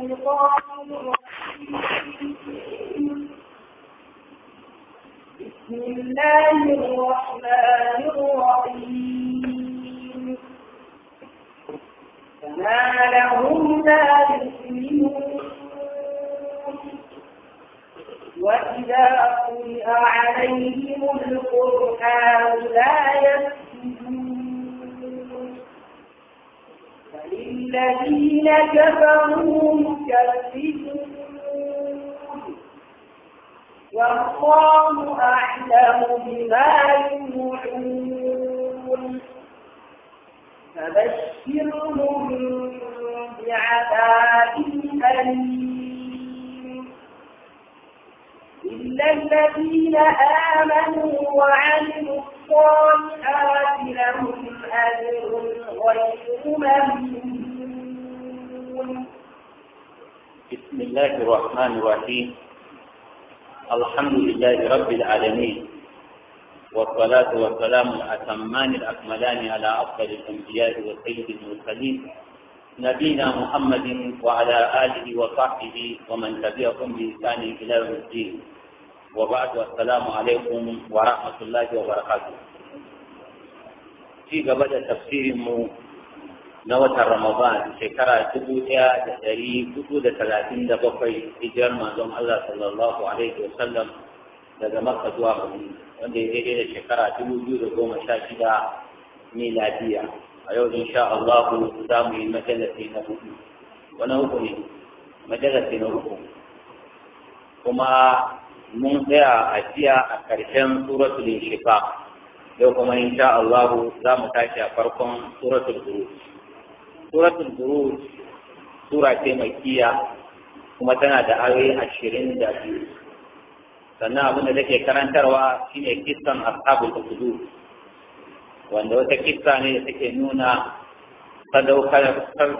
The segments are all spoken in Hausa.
بسم الله الرحمن الرحيم فما لهم لا وإذا عليهم القرآن لا الذين كفروا والله أعلم بما يوعون فبشرهم بعذاب أليم إلا الذين آمنوا وعملوا الصالحات لهم أجر غير ممنون بسم الله الرحمن الرحيم الحمد لله رب العالمين والصلاة والسلام الأتمان الأكملان على أفضل الأنبياء وسيد المرسلين نبينا محمد وعلى آله وصحبه ومن تبعهم بإحسان إلى يوم الدين وبعد والسلام عليكم ورحمة الله وبركاته في قبل تفسير مو na watan Ramadan shekara dubu ɗaya da ɗari hudu da talatin da bakwai hijirar manzon Allah sallallahu alaihi wasallam daga Makka zuwa Madina wanda ya daidai da shekara dubu biyu da goma sha shida miladiya a yau insha Allah za mu yi majalasi na hudu wani hudu ne majalasi na hudu kuma mun tsaya a jiya a ƙarshen suratul shifa yau kuma insha Allah za mu tashi a farkon suratul buruj suratul buruj sura ce mai kiya kuma tana da ayoyi ashirin da biyu sannan abin da take karantarwa shine kissan ashabul ukhdud wanda wata kissa ne da take nuna sadaukar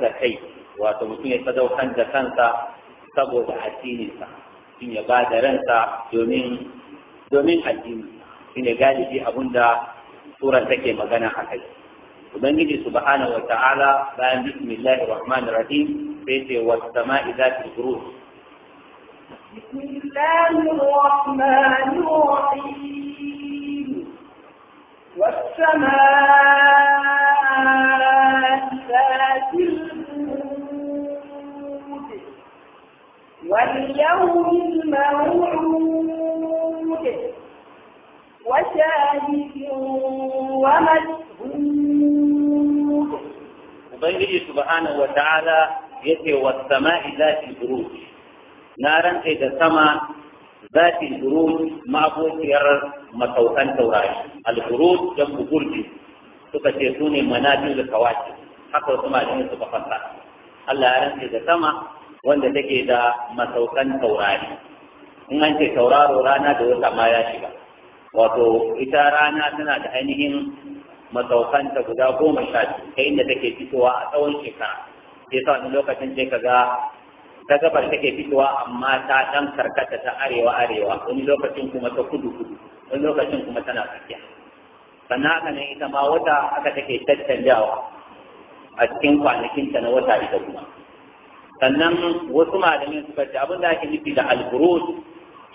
da kai wato mutum ya sadaukar da kansa saboda addininsa shi ya ba da ransa domin addini shi ne galibi abin da suran take magana a kai ubangiji subhanahu wataala bayan bismillahir rahmanir rahim sai ce was sama'i zatil buruj bismillahir rahmanir rahim was sama'i zatil buruj wal yawmil maw'ud وشاهد ومشهود Ubangiji subhanahu wa ta'ala ya ce wa sama'i zafin buruj, na rantse da sama zafin buruj mabokiyar masaukan taurari, al-buruj don bugurji suka ce su ne manajin da kawaki, haka wasu malamin suka fasa. Allah ya rantse da sama wanda take da masaukan taurari, in an ce tauraro rana da wata ma ya shiga. wato ita rana tana da ainihin masaukanta guda goma sha biyu ta inda take fitowa a tsawon shekara sai sa wani lokacin sai ga, ta gabar take fitowa amma ta dan karkata ta arewa arewa wani lokacin kuma ta kudu kudu wani lokacin kuma tana tsakiya sannan haka ne ita ma wata haka take tattanjawa a cikin kwanakinta na wata ita kuma sannan wasu malamin suka ce abin da ake nufi da alburus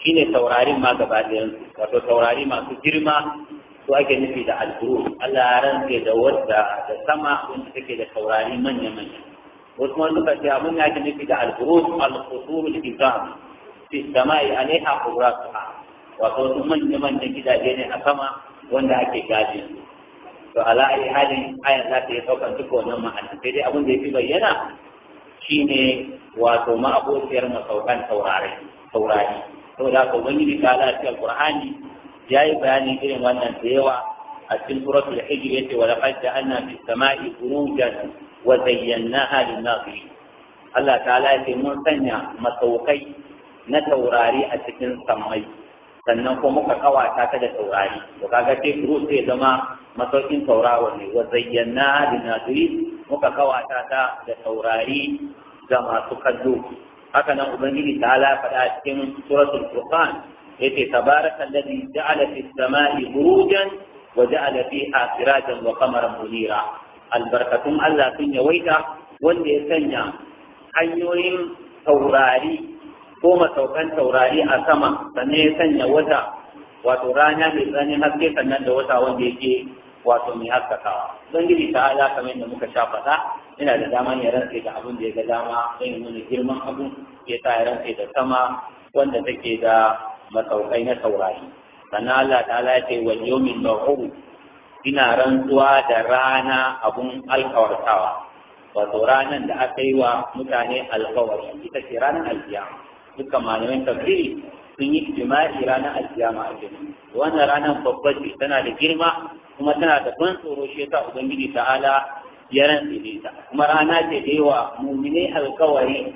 shine taurarin ma gaba wato taurari masu girma su ake nufi da alburu Allah ya rantse da wadda da sama wanda take da taurari manya manya wasu wani suka ce abin ya ake nufi da alburu alfusuru da izam fi samai alaiha qubratuha wato wasu manya manyan gidaje ne a sama wanda ake gaji to ala ayi halin ayan za ta yi saukan duk wannan ma'ana sai dai abin da ya fi bayyana shine wato ma'abociyar masaukan taurari saboda haka ubangiji ta ala cikin qur'ani yayi bayani irin wannan da yawa a cikin suratul hijr yace wa laqad ja'alna fis sama'i burujan wa zayyanaha lin-nazirin Allah ta'ala yace mun sanya masaukai na taurari a cikin samai, sannan kuma muka kawata ta da taurari to kaga sai furu sai zama masaukin taurawa ne wa zayyana lin-nazirin muka kawata ta da taurari ga masu kallo haka nan ubangiji ta ala faɗa cikin suratul furqan yace tabaraka alladhi ja'ala fis samai burujan wa ja'ala fiha sirajan wa qamaran munira albarkatun Allah sun yawaita wanda ya sanya hanyoyin taurari ko masaukan taurari a sama sannan ya sanya wata wato rana mai tsananin haske sannan da wata wanda yake wato mai haskakawa ubangiji ta ala kamar da muka sha faɗa yana da dama ya rantse da abin da ya ga dama zai nuna girman abin ya sa ya rantse da sama wanda take da masaukai na saurari sannan Allah ta ya ce wal yawmin maw'ud ina rantsuwa da rana abun alkawartawa wato ranan da aka yi wa mutane alkawari ita ce ranar alkiyama dukkan malamin tafsiri sun yi jima'i ranar alkiyama a jini wannan ranar babbar ce tana da girma kuma tana da ban tsoro shi yasa ubangiji ta'ala ya rantsi ta, kuma rana ce da yawa mumine alkawari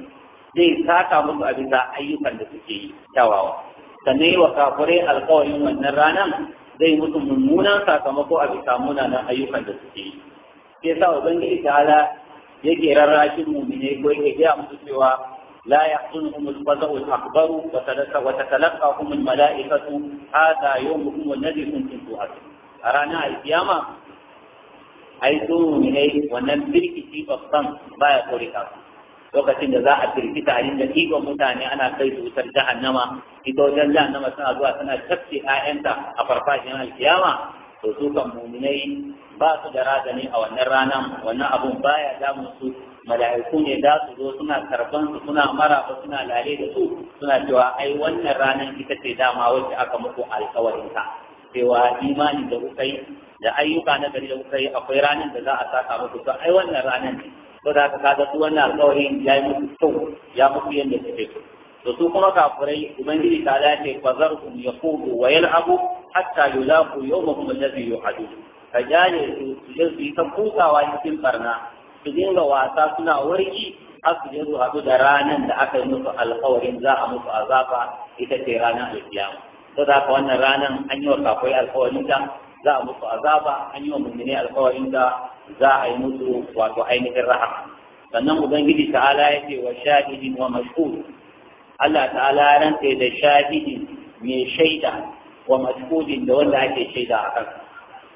zai saka musu a bisa ayyukan da suke yi kyawawa sanne wa kafure alkawarin wannan ranan zai musu mummunan sakamako a bisa munanan ayyukan da suke yi sai sa ubangiji ta'ala yake rarrashin mumine ko yake gaya musu cewa لا يحزنهم الفزع الأكبر وتتلقاهم الملائكة هذا يومكم الذي كنتم توعدون أرانا القيامة ai su mu'minai wannan birkici babban baya kore ka lokacin da za a firgita a inda iko mutane ana kai su wutar jahannama ita wajen jahannama suna zuwa suna tafke 'ya'yanta a farfajiyar alkiyama to su kan mu'minai ba su da razani a wannan ranar wannan abun baya damun su mala'iku ne za su zo suna karban su suna ko suna lale da su suna cewa ai wannan ranar ita ce dama wacce aka muku alkawarin ta cewa imani da kuka yi da ayyuka na gari da kuka yi akwai ranar da za a saka muku to ai wannan ranar ne to da ka ga su wannan alƙawarin ya yi muku kyau ya muku yadda suke so to su kuma kafurai ubangiji ta dace fa zarhum yaqudu wa yal'abu hatta yulaqu yawmahum alladhi yu'adu ka gane su su je su yi ta kukawa cikin barna su dinga wasa suna warki har su je su haɗu da ranar da aka yi musu alƙawarin za a musu azaba ita ce ranar alkiyama to za ka wannan ranar an yi wa kafai alkawarin da za a musu azaba an yi wa mummune alkawarin da za a yi musu wato ainihin raha. sannan ubangiji ta'ala ya ce wa shahidin wa mashhud Allah ta'ala ya rantsa da shahidin mai shaida wa mashhudin da wanda ake shaida a kan.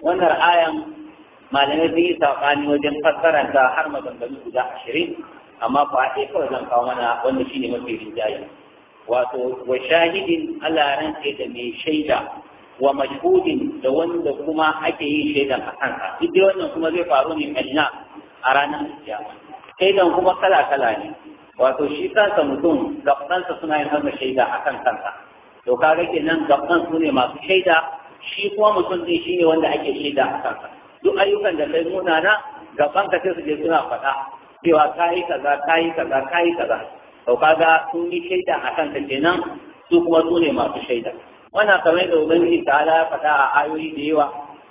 wannan ayan malamai sun yi saɓani wajen fassaranta har maganganu guda ashirin amma ba a ɗaya kawai zan kawo mana wanda shine mafi rinjaye wato wa shahidin Allah rantse da mai shaida wa mashhudin da wanda kuma ake yi shaidan a kansa duk dai wannan kuma zai faru ne kalina a ranar kiyama shaidan kuma kala kala ne wato shi kansa mutum gabansa suna yin haka shaida a kan kansa to kaga kenan gaban su ne masu shaida shi kuma mutum din shi ne wanda ake shaida a kansa duk ayyukan da kai munana gaban ka sai su je suna faɗa cewa kayi kaza kayi kaza kayi kaza to kaga sun yi shaida a kanta kenan su kuma su ne masu shaida wannan kamar da ubangiji ta ala faɗa a ayoyi da yawa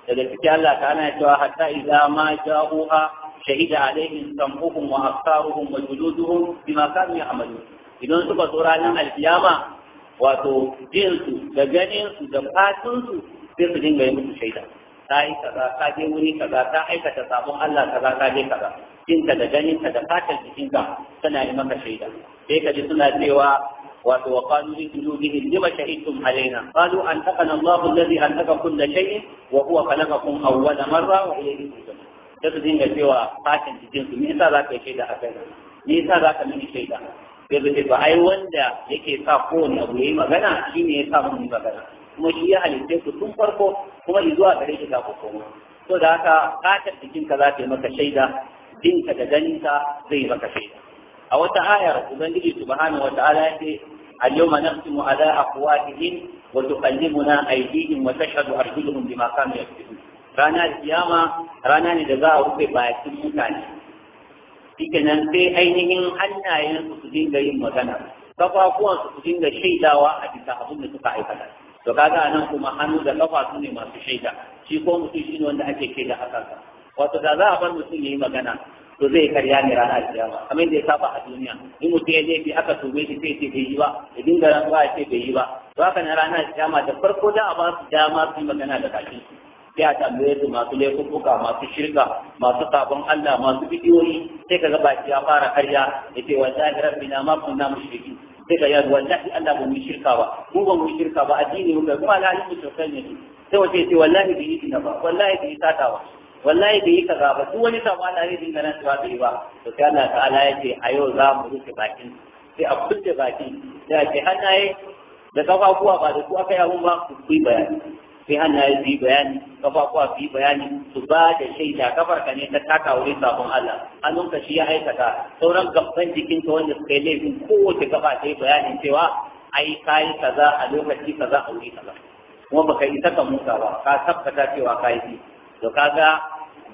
daga ciki Allah ta ana cewa hatta idza ma ja'uha shahida alaihim sam'uhum wa absaruhum wa juluduhum bima kanu ya'malun idan suka zo ranar alkiyama wato su, da su, da fatan su, sai su dinga yi musu shaida ta yi kaza ka je wuri kaza ta aikata sabon Allah kaza ka je kaza jinka da ka da fatan jikinka tana yi maka shaida sai ka ji suna cewa wato wa qalu li lima shahidtum alaina qalu an taqana Allahu alladhi antaka kulla shay'in wa huwa khalaqakum awwala marra wa ilayhi turja'un sai su dinga cewa fatin cikin su me yasa za ka yi da a me yasa za ka mini shaida sai su ba ai wanda yake sa kowane abu yayi magana shine ya sa yi magana kuma shi ya halitta ku tun farko kuma zuwa gare shi ga ku koma to da haka fatar jikinka za ta yi maka shaida jinka da ganinka zai maka shaida a wata ayar ubangiji subhanahu wataala yake a yawma naqtimu ala aqwatihim wa tuqallimuna aydihim wa tashhadu arjuluhum bima kanu yaktubun rana kiyama rana ne da za a rufe bakin mutane shikenan sai ainihin hannayen su dinga yin magana kafafuwan su dinga shaidawa a bisa abin da suka aikata to kaga nan kuma hannu da kafa masu shaida shi ko mutum shine wanda ake wato da za a bar mutum yi magana to zai karya ne ranar alkiyama kamar da ya saba a duniya in mutum ya je fi aka tube shi sai ce bai yi ba ya dinga rantsuwa ya ce bai yi ba to haka na ranar alkiyama da farko da a ba su dama su yi magana da kafin sai a tambaye su masu laifuka masu shirka masu sabon Allah masu bidiyoyi sai ka ga baki ya fara karya ya ce wallahi rabbina ma kunna mushriki sai ka yaro wallahi Allah ba mu shirka ba mu ba mu shirka ba addini mu ga kuma alhalin mu sosai ne sai wace ce wallahi bi idina ba wallahi bi sata ba wallahi bai yi kaza ba duk wani sabon da zai dinga nan ba bai ba to sai Allah ta'ala ya ce a yau za mu rufe bakin sai a kulle baki sai a ce hannaye da kafafuwa ba da su aka yawon ba ku yi bayani sai hannaye su yi bayani kafafuwa su yi bayani su ba da shaida kafar ka ne ta taka wurin sabon Allah hannunka shi ya aikata sauran gaban jikinka wanda suka yi laifin kowace gaba ta yi bayanin cewa ai kayi kaza a lokaci kaza a wuri kaza kuma baka isa ka musa ba ka tabbata cewa kayi to kaga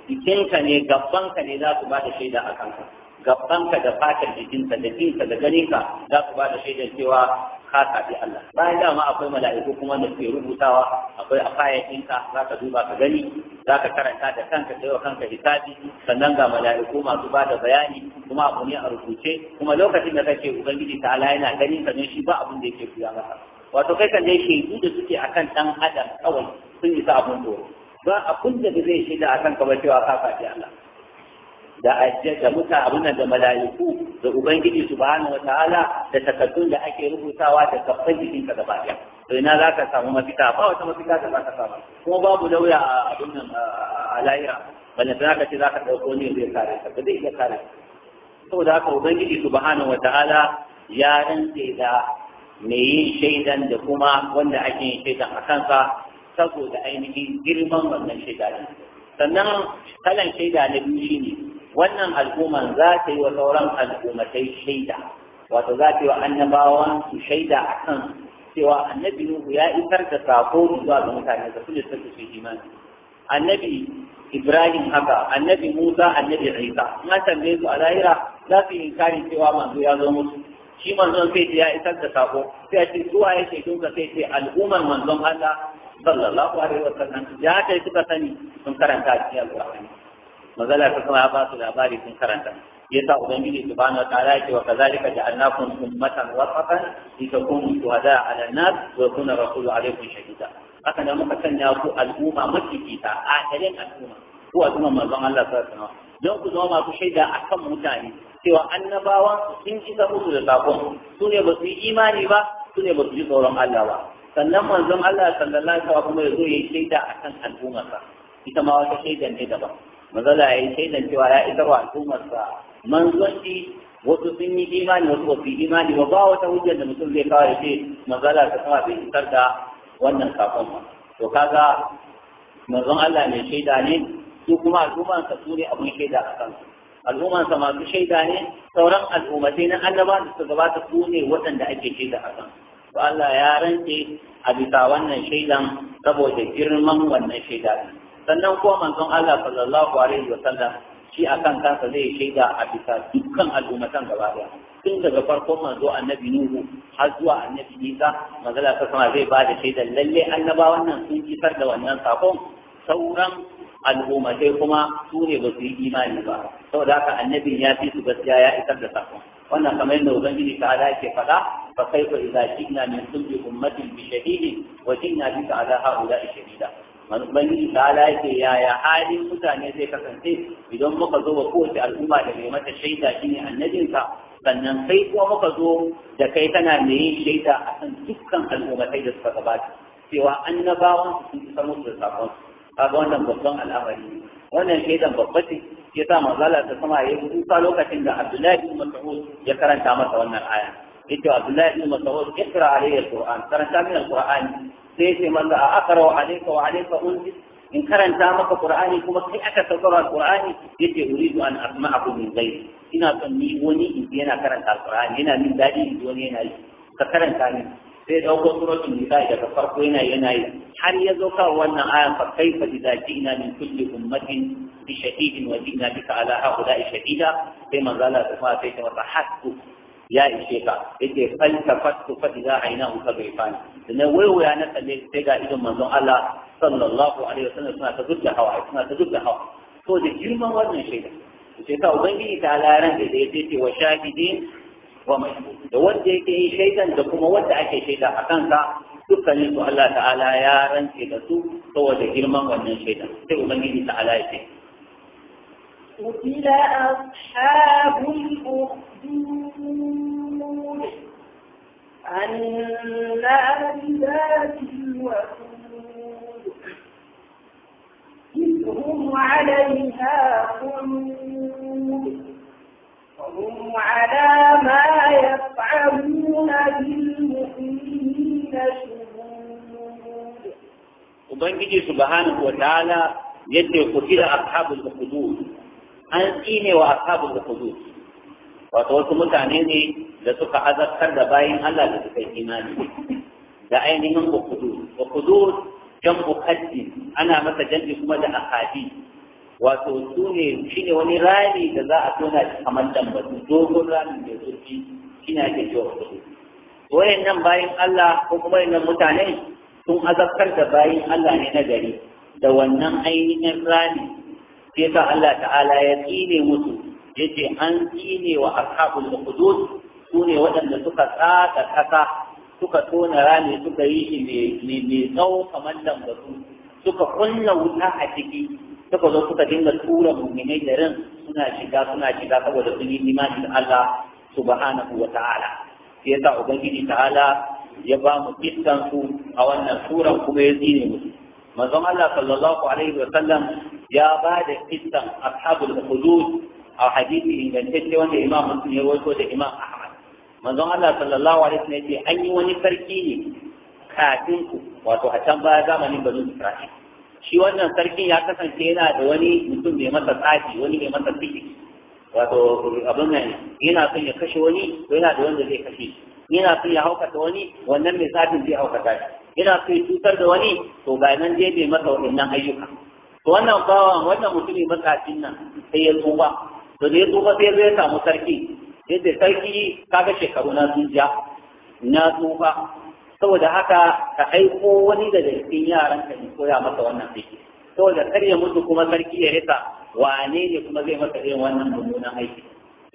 jikinka ne gabbanka ne za su ba da shaida a kanka gabbanka da fatar jikinka da jinka da ganinka za su ba da shaida cewa ka saɓi Allah bayan dama akwai mala'iku kuma da suke rubutawa akwai afayar ɗinka za ka duba ka gani za ka karanta da kanka sai wa kanka hisabi sannan ga mala'iku masu ba da bayani kuma abu ne a rubuce kuma lokacin da kake ubangiji ta ala yana ganin ka ne shi ba abin da yake kuya maka wato kai kan ne shaidu da suke akan dan adam kawai sun isa abin tsoro ba abin da zai shi da akan kamar cewa kafa ce Allah da ajja da muta abin da malaiku da ubangiji subhanahu wataala da takaddun da ake rubutawa da kafan jikin ka gaba ɗaya to ina za ka samu mafita ba wata mafita da za ka samu kuma babu lauya a abin nan a lahira da za ka ce za ka ɗauko ne zai kare ka ba zai iya kare saboda haka ubangiji subhanahu wataala ya rantse da mai yin shaidan da kuma wanda ake yin shaidan a kansa saboda ainihin girman wannan shaida ne sannan kalan shaida na biyu shine wannan al'umma za ta yi wa sauran al'ummatai shaida wato za ta yi wa annabawan su shaida a kan cewa annabi Nuhu ya isar da sako zuwa ga mutane da su ne suka su imani annabi Ibrahim haka annabi Musa annabi Isa na tambaye su a lahira za su yi inkari cewa manzo ya zo musu shi manzon sai ya isar da sako sai a ce zuwa ya shaidun ka sai ce al'ummar manzon Allah sallallahu alaihi wa sallam ya kai suka sani sun karanta a cikin alqur'ani mazala ta kuma ya ba su labari sun karanta yasa ubangiji subhanahu wa wataala yake wa kadhalika ja'alnakum ummatan wasatan litakunu shuhada 'ala an-nas wa yakuna rasulu 'alaykum shahida haka da muka sanya ku al'umma makikita a kalin al'umma ku al'umma manzon Allah sallallahu alaihi wasallam don ku zama masu shaida akan kan mutane cewa annabawa sun isa musu da sakon su ne ba su yi imani ba su ne ba su ji tsoron Allah ba sannan manzon Allah sallallahu alaihi wasallam ya zo ya shaida akan al'ummarsa ita ma wata shaidan ne daban manzon ya yi shaidan cewa ya isa wa al'ummarsa manzon shi wasu sun yi imani wasu ba su yi imani ba ba wata hujjar da mutum zai kawo ya ce manzon ta sama bai isar da wannan sakon ba to kaga manzon Allah mai shaida ne su kuma al'ummarsa su ne abin shaida a kansu al'ummarsa masu shaida ne sauran al'ummatai na annaba da su gabata su ne waɗanda ake shaida a kansu to Allah ya rantse a bisa wannan shaidan saboda girman wannan shaida sannan kuma manzon Allah sallallahu alaihi wasallam shi akan kansa zai shaida a bisa dukkan al'ummatan gaba daya tun daga farkon manzo annabi nuhu har zuwa annabi isa manzala ta sama zai ba da shaida lalle annabawan wannan sun isar da wannan sakon sauran al'ummatai kuma su ne ba su yi imani ba saboda haka annabin ya fi su gaskiya ya isar da sakon wannan kamar yadda ubangiji ta ala ke faɗa fa kaifa idza jina min kulli ummatin bi shahidin wa jina bika ala haula'i shahida man ubangiji ta ala ke yaya halin mutane zai kasance idan muka zo wa kowace al'umma da mai mata shaida shine sa sannan kai kuma muka zo da kai tana mai yin shaida a kan dukkan al'ummatai da suka gabata cewa annabawan su sun fi samun da sakon kaga wannan babban al'amari wannan shaidan babba ce shi yasa manzala ta sama yayi kuka lokacin da Abdullahi ibn Mas'ud ya karanta masa wannan aya yace Abdullahi ibn Mas'ud ikra al alquran karanta min alquran sai sai manzo a akra alayka wa alayka unzil in karanta maka qur'ani kuma kai aka saukar qur'ani yace uridu an asma'akum min ghayri ina son ni wani in yana karanta qur'ani yana min dadi in wani yana yi ka karanta ni sai dauko suratul nisa daga farko yana yana yi har ya zo kan wannan ayan fa kaifa idza ji'na min kulli ummatin بشهيد وجئنا بك على هؤلاء شهيدا كما قال فاتيت وضحكت يا إشيكا إتي فالتفت فإذا عيناه تضيفان لأنه ويو يا نسأل ليستيقى إذا منذ الله صلى الله عليه وسلم سنة تزد حوائد سنة تزد حوائد فهو دي جرما وزن شيئا شيئا وبنجي تعالى رنجي ديتي وشاهدين ومشهود da wanda yake yi shaidan da kuma wanda ake shaida a kansa dukkanin su Allah ta'ala ya rance da su saboda girman wannan shaidan sai ubangiji ta'ala ya ce قتل أصحاب الأخدود النار ذات الوقود إذ هم عليها قنود وهم على ما يفعلون بالمؤمنين شهود وبنجي سبحانه وتعالى يدعو قتل أصحاب الأخدود an tsine wa ashabul hudud wato wasu mutane ne da suka azabtar da bayin Allah da suka yi imani da ainihin hudud wa hudud jan kaddi ana masa janji kuma da akadi wato su ne shine wani rami da za a tona shi kamar dambatu dogon rami mai zurfi shine ake cewa hudud wayannan bayin Allah ko kuma wayannan mutane sun azabtar da bayin Allah ne na gari da wannan ainihin rami sai sa Allah ta'ala ya tsine musu yace an tsine wa ashabul hudud sune waɗanda suka tsaka kasa suka tona rami suka yi shi mai tsawo kamar lambatu suka kunna wuta a ciki suka zo suka dinga tura mu'minai da rin suna shiga suna shiga saboda sun yi imani da Allah subhanahu wa ta'ala sai yasa ubangiji ta'ala ya ba mu kissan a wannan suran kuma ya tsine musu manzon Allah sallallahu alaihi wa sallam ya ba da kissan ashabul hudud a hadisi ingantacce wanda imam muslim ya rawaito da imam ahmad manzon Allah sallallahu alaihi wasallam yace an yi wani sarki ne kafin ku wato a can baya zamanin banu isra'il shi wannan sarkin ya kasance yana da wani mutum mai masa tsafi wani mai masa fiki wato abin nan yana son ya kashe wani ko yana da wanda zai kashe shi yana son ya haukata wani wannan mai tsafin zai haukata shi yana son ya cutar da wani to ga nan dai bai masa waɗannan ayyuka to wannan bawan wannan mutumin matsafin nan sai ya tsufa to da ya tsufa sai zai samu sarki yadda sarki kaga shekaru na sun ja na tsufa saboda haka ka aiko wani daga cikin yaran ka koya masa wannan aiki saboda kar ya mutu kuma sarki ya rasa wane ne kuma zai masa irin wannan mummunan aiki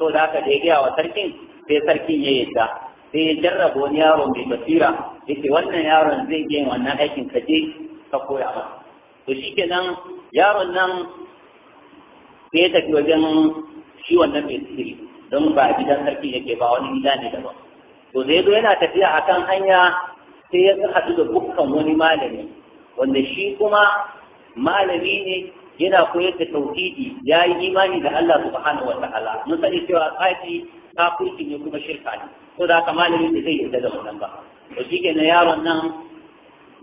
saboda haka da ya gaya wa sarkin sai sarkin ya yadda sai ya jarraba wani yaron mai basira yake wannan yaron zai je wannan aikin ka je ka koya masa to shi kenan yaron nan sai ya tafi wajen shi wannan mai sihiri don ba gidan sarki yake ba wani gida ne daban to zai zo yana tafiya akan hanya sai ya haɗu da bukkan wani malami wanda shi kuma malami ne yana koyar da tauhidi ya yi imani da Allah subhanahu wa ta'ala mun sani cewa tsafi kafirci ne kuma shirka ne ko da haka malami ne zai yarda da wannan ba to shi yaron nan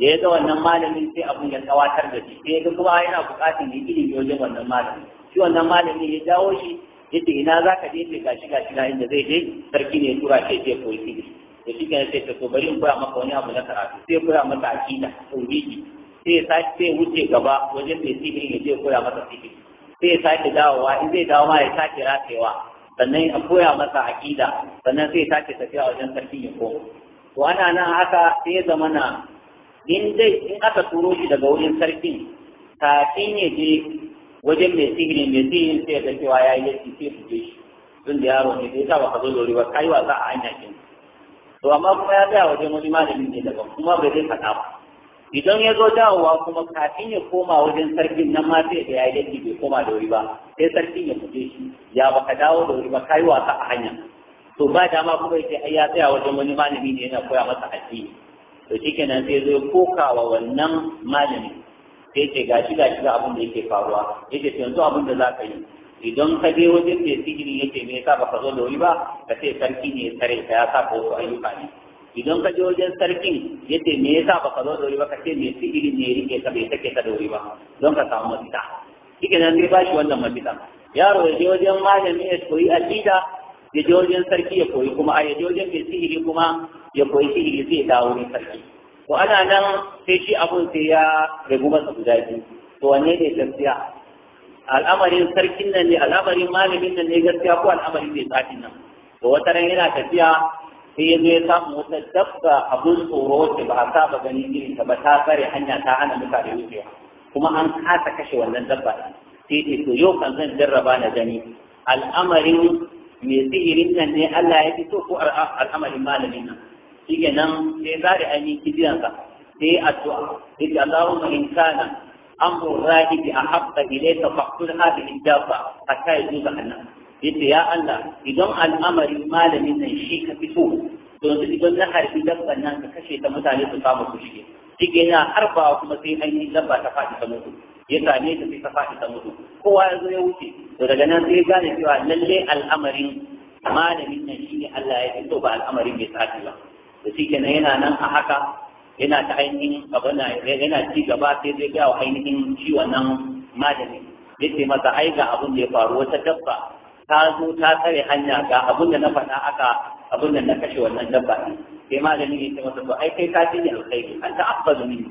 da ya ga wannan malamin sai abun ya kawatar da shi sai ga kuma yana buƙatar ya wajen wannan malamin shi wannan malamin ya jawo shi Yadda ina za ka je ce gashi gashi na inda zai je sarki ne tura ke ce koyi shi da shi ya sai to bari in koya maka wani abu na karatu sai koya maka aqida tauhidi sai ya sai sai wuce gaba wajen mai sihiri ya je koya masa sihiri sai ya sake dawowa in zai dawo ma ya sake ratewa sannan a koya masa akida sannan sai ya sake tafiya wajen sarki ya koma to ana nan haka sai ya zama na in dai in aka turo shi daga wurin sarki kafin ya je wajen mai sihiri mai sihirin sai ya cewa ya yi yaki sai su je shi tun da yaro ne sai ba ka zo da ba kai wa za a hanya kin to amma kuma ya tsaya wajen wani malamin ne daban kuma bai zai faɗa ba idan ya zo dawowa kuma kafin ya koma wajen sarkin nan ma sai da ya yi bai koma da wuri ba sai sarkin ya fuje shi ya baka dawo da wuri ba kai wasa a hanya to ba dama kuma ce ai ya tsaya wajen wani malami ne yana koya masa addini to nan sai koka kokawa wannan malami sai ce ga shi ga abin da yake faruwa yake ce yanzu abin da za ka yi idan ka je wajen da sihiri yake me yasa baka zo da wuri ba ka ce sarki ne tsare ka ya saka wasu ayyuka ne idan ka je wajen sarkin yace me yasa baka zo da wuri ba ka ce me sihiri ne rike ka bai sake ka da wuri ba don ka samu mafita shike nan zai shi wannan mafita yaro ya je wajen malami ya koyi aqida ya je wajen sarki ya koyi kuma a ya je wajen mai sihiri kuma ya koyi sihiri zai dawo wurin sarki to ana nan sai shi abun sai ya ragu masa guda biyu to wanne ne gaskiya al'amarin sarkin nan ne al'amarin malamin nan ne gaskiya ko al'amarin mai tsafin nan to wata ran yana tafiya sai ya zo ya samu wata dabba abun tsoro wacce ba a saba ganin irin ta ba ta tsare hanya ta hana mutane wucewa kuma an kasa kashe wannan dabba sai ce to yau kan zan jarraba na gani al'amarin mai sihirin nan ne Allah ya fito ko al'amarin malamin nan shi nan sai zari ainihin kijiyansa sai addu'a sai Allahumma in kana amru rahibi ahabba ilayka faqtul hadhihi dabba hatta yajuza anna Yadda ya Allah idan al'amarin malamin nan shi ka fito don idan na harbi dabban nan ka kashe ta mutane su samu su shige na harba kuma sai ainihin dabba ta faɗi ta mutu ya same ta sai ta faɗi ta mutu kowa ya zo ya wuce to daga nan sai gane cewa lalle al'amarin malamin nan shine Allah ya fito ba al'amarin bai sati ba to shi kenan yana nan a haka yana ta ainihin abana yana ci gaba sai zai ga ainihin ciwon nan malami yace masa ai ga abin da ya faru wata dabba ta zo ta tsare hanya ga abin da na faɗa aka abin da na kashe wannan dabba sai malami ya ce masa to ai kai ka ji alkhairi anta afdalu minni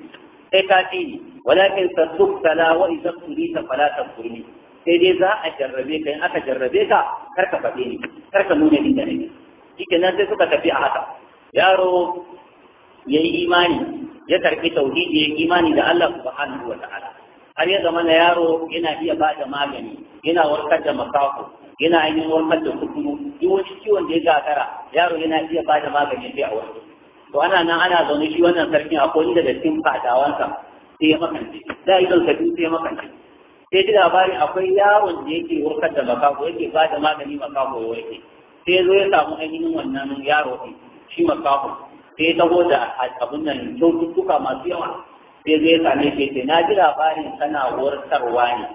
sai ka tsini walakin tasuk sala wa idza tulita fala tafurni sai dai za a jarrabe ka in aka jarrabe ka kar ka faɗe ni kar ka nuna ni da ni nan sai suka tafi a haka yaro yayi imani ya karbi tauhidi yi imani da Allah subhanahu wa ta'ala har ya zama na yaro yana iya ba da magani yana warkar da makafu yana yin warkar da kuku duk wani ciwon da ya gagara yaro yana iya ba da magani sai a warkar to ana nan ana zaune shi wannan sarkin akwai inda da cikin fadawansa sai ya makance da idon sa sai ya makance sai ji labarin akwai yawon da yake warkar da makaho yake ba da magani makaho yake sai ya zo ya samu ainihin wannan yaro ɗin shi makaho sai ya taho da abin nan kyaututtuka masu yawa sai zai same shi sai na ji labarin kana warkarwa ne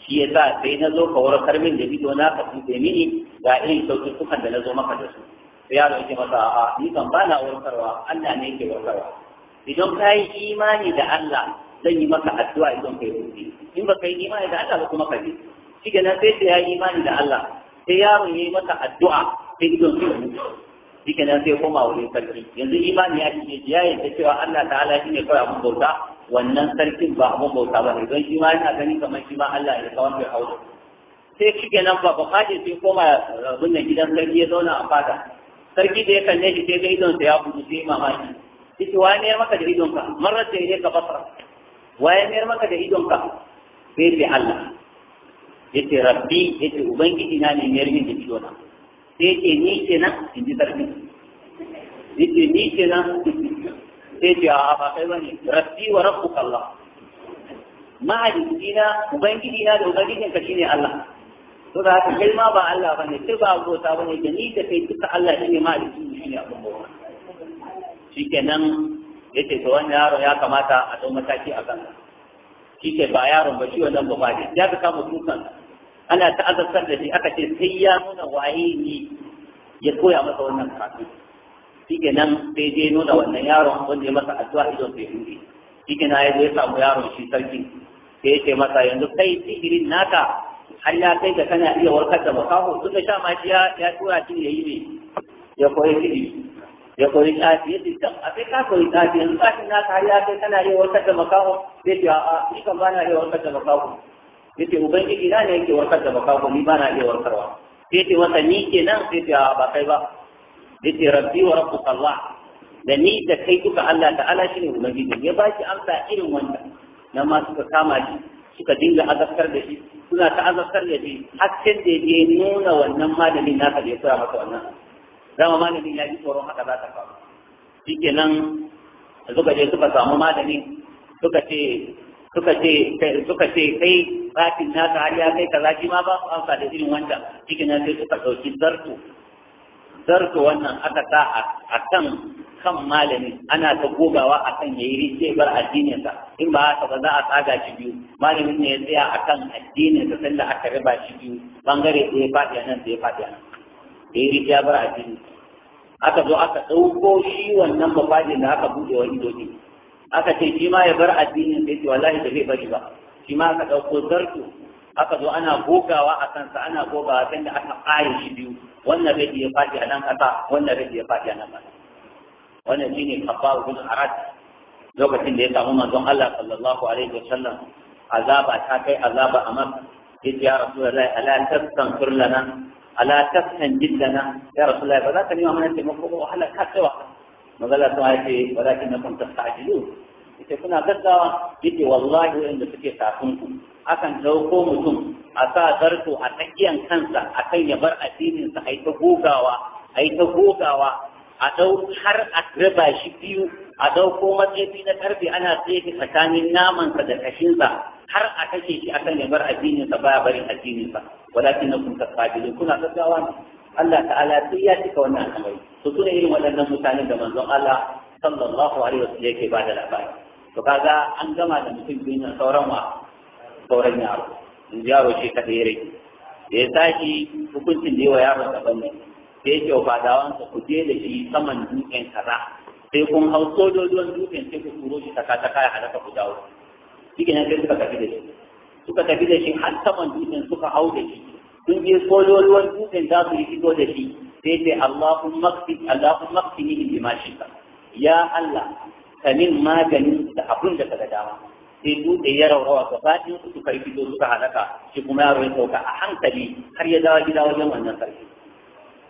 shi ya sa sai na zo ka warkar min da bido na ka tuɗe mini ga irin kyaututtukan da na zo maka da su yaro yake masa a'a ni kan ba na warkarwa Allah ne yake warkarwa idan ka yi imani da Allah zan yi maka addu'a idan ka yi rufi in ba ka yi imani da Allah ba kuma ka bi shi ga sai sai ya yi imani da Allah sai yaro ya yi maka addu'a sai idon sai mutu shi ke sai koma wurin sarki yanzu imani ya ce ya yarda cewa Allah ta'ala shi ne kawai abin bauta wannan sarkin ba abin bauta ba ne don shi ma yana gani kamar shi ma Allah ya kawar da hauro sai shi ke nan ba ba kaje sai koma abin gidan sarki ya zauna a fada sarki da ya kalle shi sai ga idonsa ya buɗe sai mamaki yace waye mayar maka da idonka marar da ya ka basra waye mayar maka da idonka sai ce Allah yace rabbi yace ubangiji na ne mayar min da ciwon sai ce ni kenan in ji sarki yace ni ce na, sai ce a ba kai bane rabbi wa rabbuka Allah mahalicina ubangiji na da ubangijinka shine Allah to da haka kai ma ba Allah bane kai ba abota bane da ni da kai duka Allah shi ne maliki shi ne abin bawa shikenan yace to wannan yaro ya kamata a dau mataki a kan kansa shike ba yaron ba shi wannan ba ne ya ga kama tukan ana ta da shi aka ce sai ya nuna waye ni ya koya masa wannan kafin nan sai je nuna wannan yaron wanda ya masa addu'a idon sai hudu na ya zo ya samu yaron shi sarki sai ya ce masa yanzu kai sihirin naka har ya kai ka kana iya warkar da makaho tun da sha ma ya ya tura shi yayi ne ya koyi kiri ya koyi tsafi yadda ta akai ka koyi tsafi yanzu na ka har ya kai kana iya warkar da makaho zai ce a'a ni kan bana iya warkar da makaho ya ubangiji na ne yake warkar da makaho ni bana iya warkarwa sai ce wata ni nan sai ce a'a ba kai ba ya rabbi wa rabbuka Allah da ni da kai duka Allah ta'ala shine ubangiji ya ba shi amsa irin wanda nan ma suka kama shi suka dinga azabtar da shi suna ta azabtar da shi hakkin da ya nuna wannan malamin naka da ya koya masa wannan zama malamin ya ji tsoron haka za ta faru kenan suka je suka samu malamin suka ce suka ce suka ce kai batin naka har ya kai kaza shi ma ba ku amsa da irin wanda kenan sai suka ɗauki zarto zarto wannan aka sa a kan kan malami ana ta gogawa a kan ya yi rike bar addininsa in ba haka ba za a tsaga shi biyu malamin ne ya tsaya a kan addininsa sanda aka riba shi biyu bangare ɗaya faɗi a nan ɗaya faɗi a nan ya yi rike bar addini aka zo aka ɗauko shi wannan mafajin da aka buɗe wa ido ne aka ce shi ma ya bar addinin sai ce wallahi da zai bari ba shi ma aka ɗauko zarto aka zo ana gogawa a kansa ana gogawa sanda aka ƙare shi biyu wannan bai iya faɗi a nan ƙasa wannan bai iya faɗi a nan ƙasa wannan shine kafaru bin arad lokacin da ya samu manzon Allah sallallahu alaihi wa sallam azaba ta kai azaba a maka yace ya rasulullahi ala tastanfir lana ala tastanjid lana ya rasulullahi ba za ka nima mana taimako ko wahala ka tsawa magana ta ce walakin nakum tastajilun ita kuna gaggawa yake wallahi wanda suke kafin ku akan dauko mutum a sa zarto a tsakiyan kansa akan ya bar addinin sa ai ta gogawa ai ta gogawa a dau har a raba shi biyu a dauko matsayi na karfe ana tsaye tsakanin naman sa da kashin sa har a kashe shi akan ya bar addinin sa baya barin addinin sa walakin kun tasabilin kuna gaggawa Allah ta'ala sai ya cika wannan al'amari to sune irin waɗannan mutanen da manzon Allah sallallahu alaihi wasallam yake ba da labari to kaga an gama da mutum biyu na sauran wa sauran yaro in yaro shi ka tsere da ya saki hukuncin da yawa yaro daban ne da yake wa fadawansa ku je da shi saman dutsen kaza sai kun hau sojojin dutsen sai ku turo shi taka taka ya halaka ku dawo shi kenan sai suka tafi da shi suka tafi da shi har saman dutsen suka hau da shi sun je sojojin dutsen za su yi fito da shi sai sai Allahumma qfi Allahumma qfi ni bi ma shi ya Allah kamin maganin da abun da kaga dama sai bude ya raurawa gabaɗin su su yi fito suka halaka shi kuma yaro ya sauka a hankali har ya dawo gida wajen wannan sarki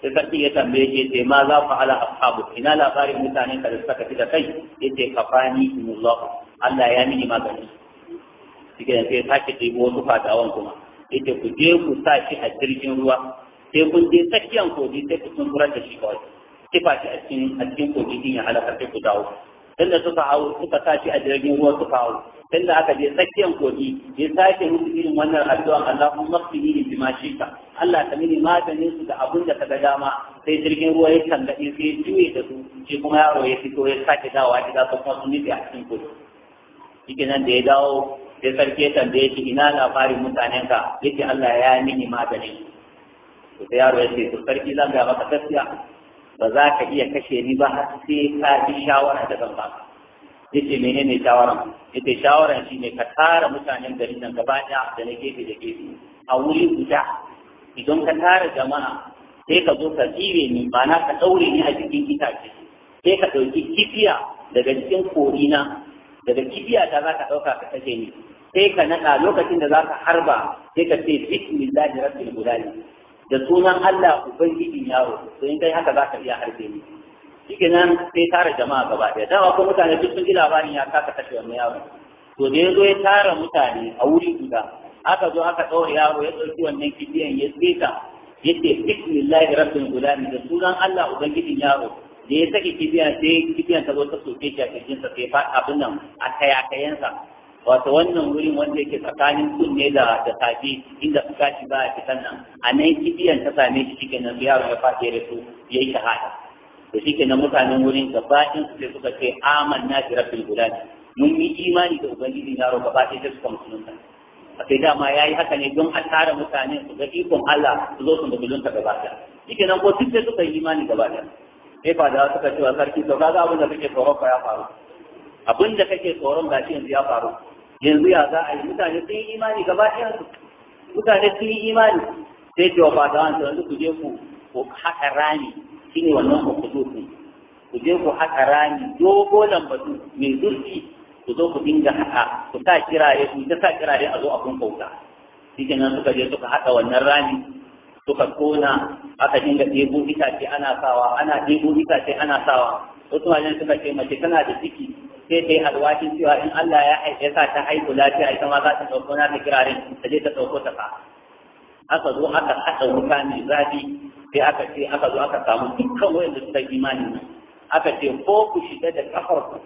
sai sarki ya tambaye shi sai ma za ku ala ashabu ina labarin mutane ka da suka fi da kai ya ce kafani inullahu Allah ya mini magani shi ke sai sake ɗebo wasu fatawan kuma ya ce ku je ku sa shi a jirgin ruwa sai kun je tsakiyan kogi sai ku tunkurar da shi kawai kifa shi a cikin kogi din ya halaka sai ku dawo tunda suka hau suka tashi a jirgin ruwa suka hau tunda aka je tsakiyar kogi ya sake musu irin wannan addu'a Allahumma yi bima mashika Allah ka mini maganin su da abun da kaga dama sai jirgin ruwa ya tangaɗe sai ya juye da su shi kuma yaro ya fito ya sake dawowa gida su kuma sun nufi a cikin kogi shi nan da ya dawo sai sarki ya tambaye shi ina fari mutanen ka yake Allah ya yi mini maganin to sai yaro ya ce to sarki zan ga maka gaskiya ba za ka iya kashe ni ba sai ka bi shawara da zan baka yace menene shawara yace shawara ne ka tara mutanen garin nan gaba ɗaya da na gefe da gefe a wuri guda idan ka tara jama'a sai ka zo ka tsire ni ba na ka daure ni a jikin itace sai ka ɗauki kifiya daga cikin korina daga kifiya ta za ka ɗauka ka kashe ni sai ka naɗa lokacin da za ka harba sai ka ce bismillahi rabbil alamin da sunan Allah ubangijin yaro to in kai haka za ka iya harbe ni shikenan sai tara jama'a gaba da da mutane duk sun ji labarin ya kasa kashe wannan yaro to da ya zo ya tara mutane a wuri guda aka zo aka ɗaure yaro ya ɗauki wannan kibiyan ya tseta ya ce bismillahi rabbil gulami da sunan Allah ubangijin yaro da ya saki kibiyan sai kibiyan ta zo ta soke shi a kirjinsa sai abin nan a kayakayensa wato wannan wurin wanda yake tsakanin kunne da da safi inda suka ci ba a fitan nan a nan kibiyan ta same shi shike nan yaro ya fadi da su yayi shahada to shike nan mutanen wurin gabaɗin su sai suka ce amanna bi rabbil gulani mun yi imani da ubangiji yaro gabaɗin da suka musulunta a sai dama ya yi haka ne don a tara mutane su ga ikon Allah su zo su musulunta gabaɗin shike nan ko duk da suka yi imani gabaɗin sai fadawa suka ce wa sarki to kaga abin da kake tsoron ya faru abin da kake tsoron shi yanzu ya faru yanzu ya za a yi mutane sun yi imani gaba su, mutane sun yi imani sai ce wa ba su yanzu ku je ku ku haƙa rami ne wannan hukudusin ku je ku haka rami dogo lambatu mai zurfi ku zo ku dinga haka ku sa kiraye, ku ta sa kiraye a zo a kun kauta shi nan suka je suka haɗa wannan rami suka kona aka dinga ɗebo itace ana sawa ana ɗebo itace ana sawa wasu malamai suka ce mace tana da ciki sai ta yi alwashi cewa in Allah ya haife sa ta haihu lafiya ita ma za ta ɗauko na ta kirarin ta je ta ɗauko ta fa aka zo aka haɗa wuta mai zafi sai aka ce aka zo aka samu dukkan da suka yi imani nan aka ce ko ku shiga da kafar ku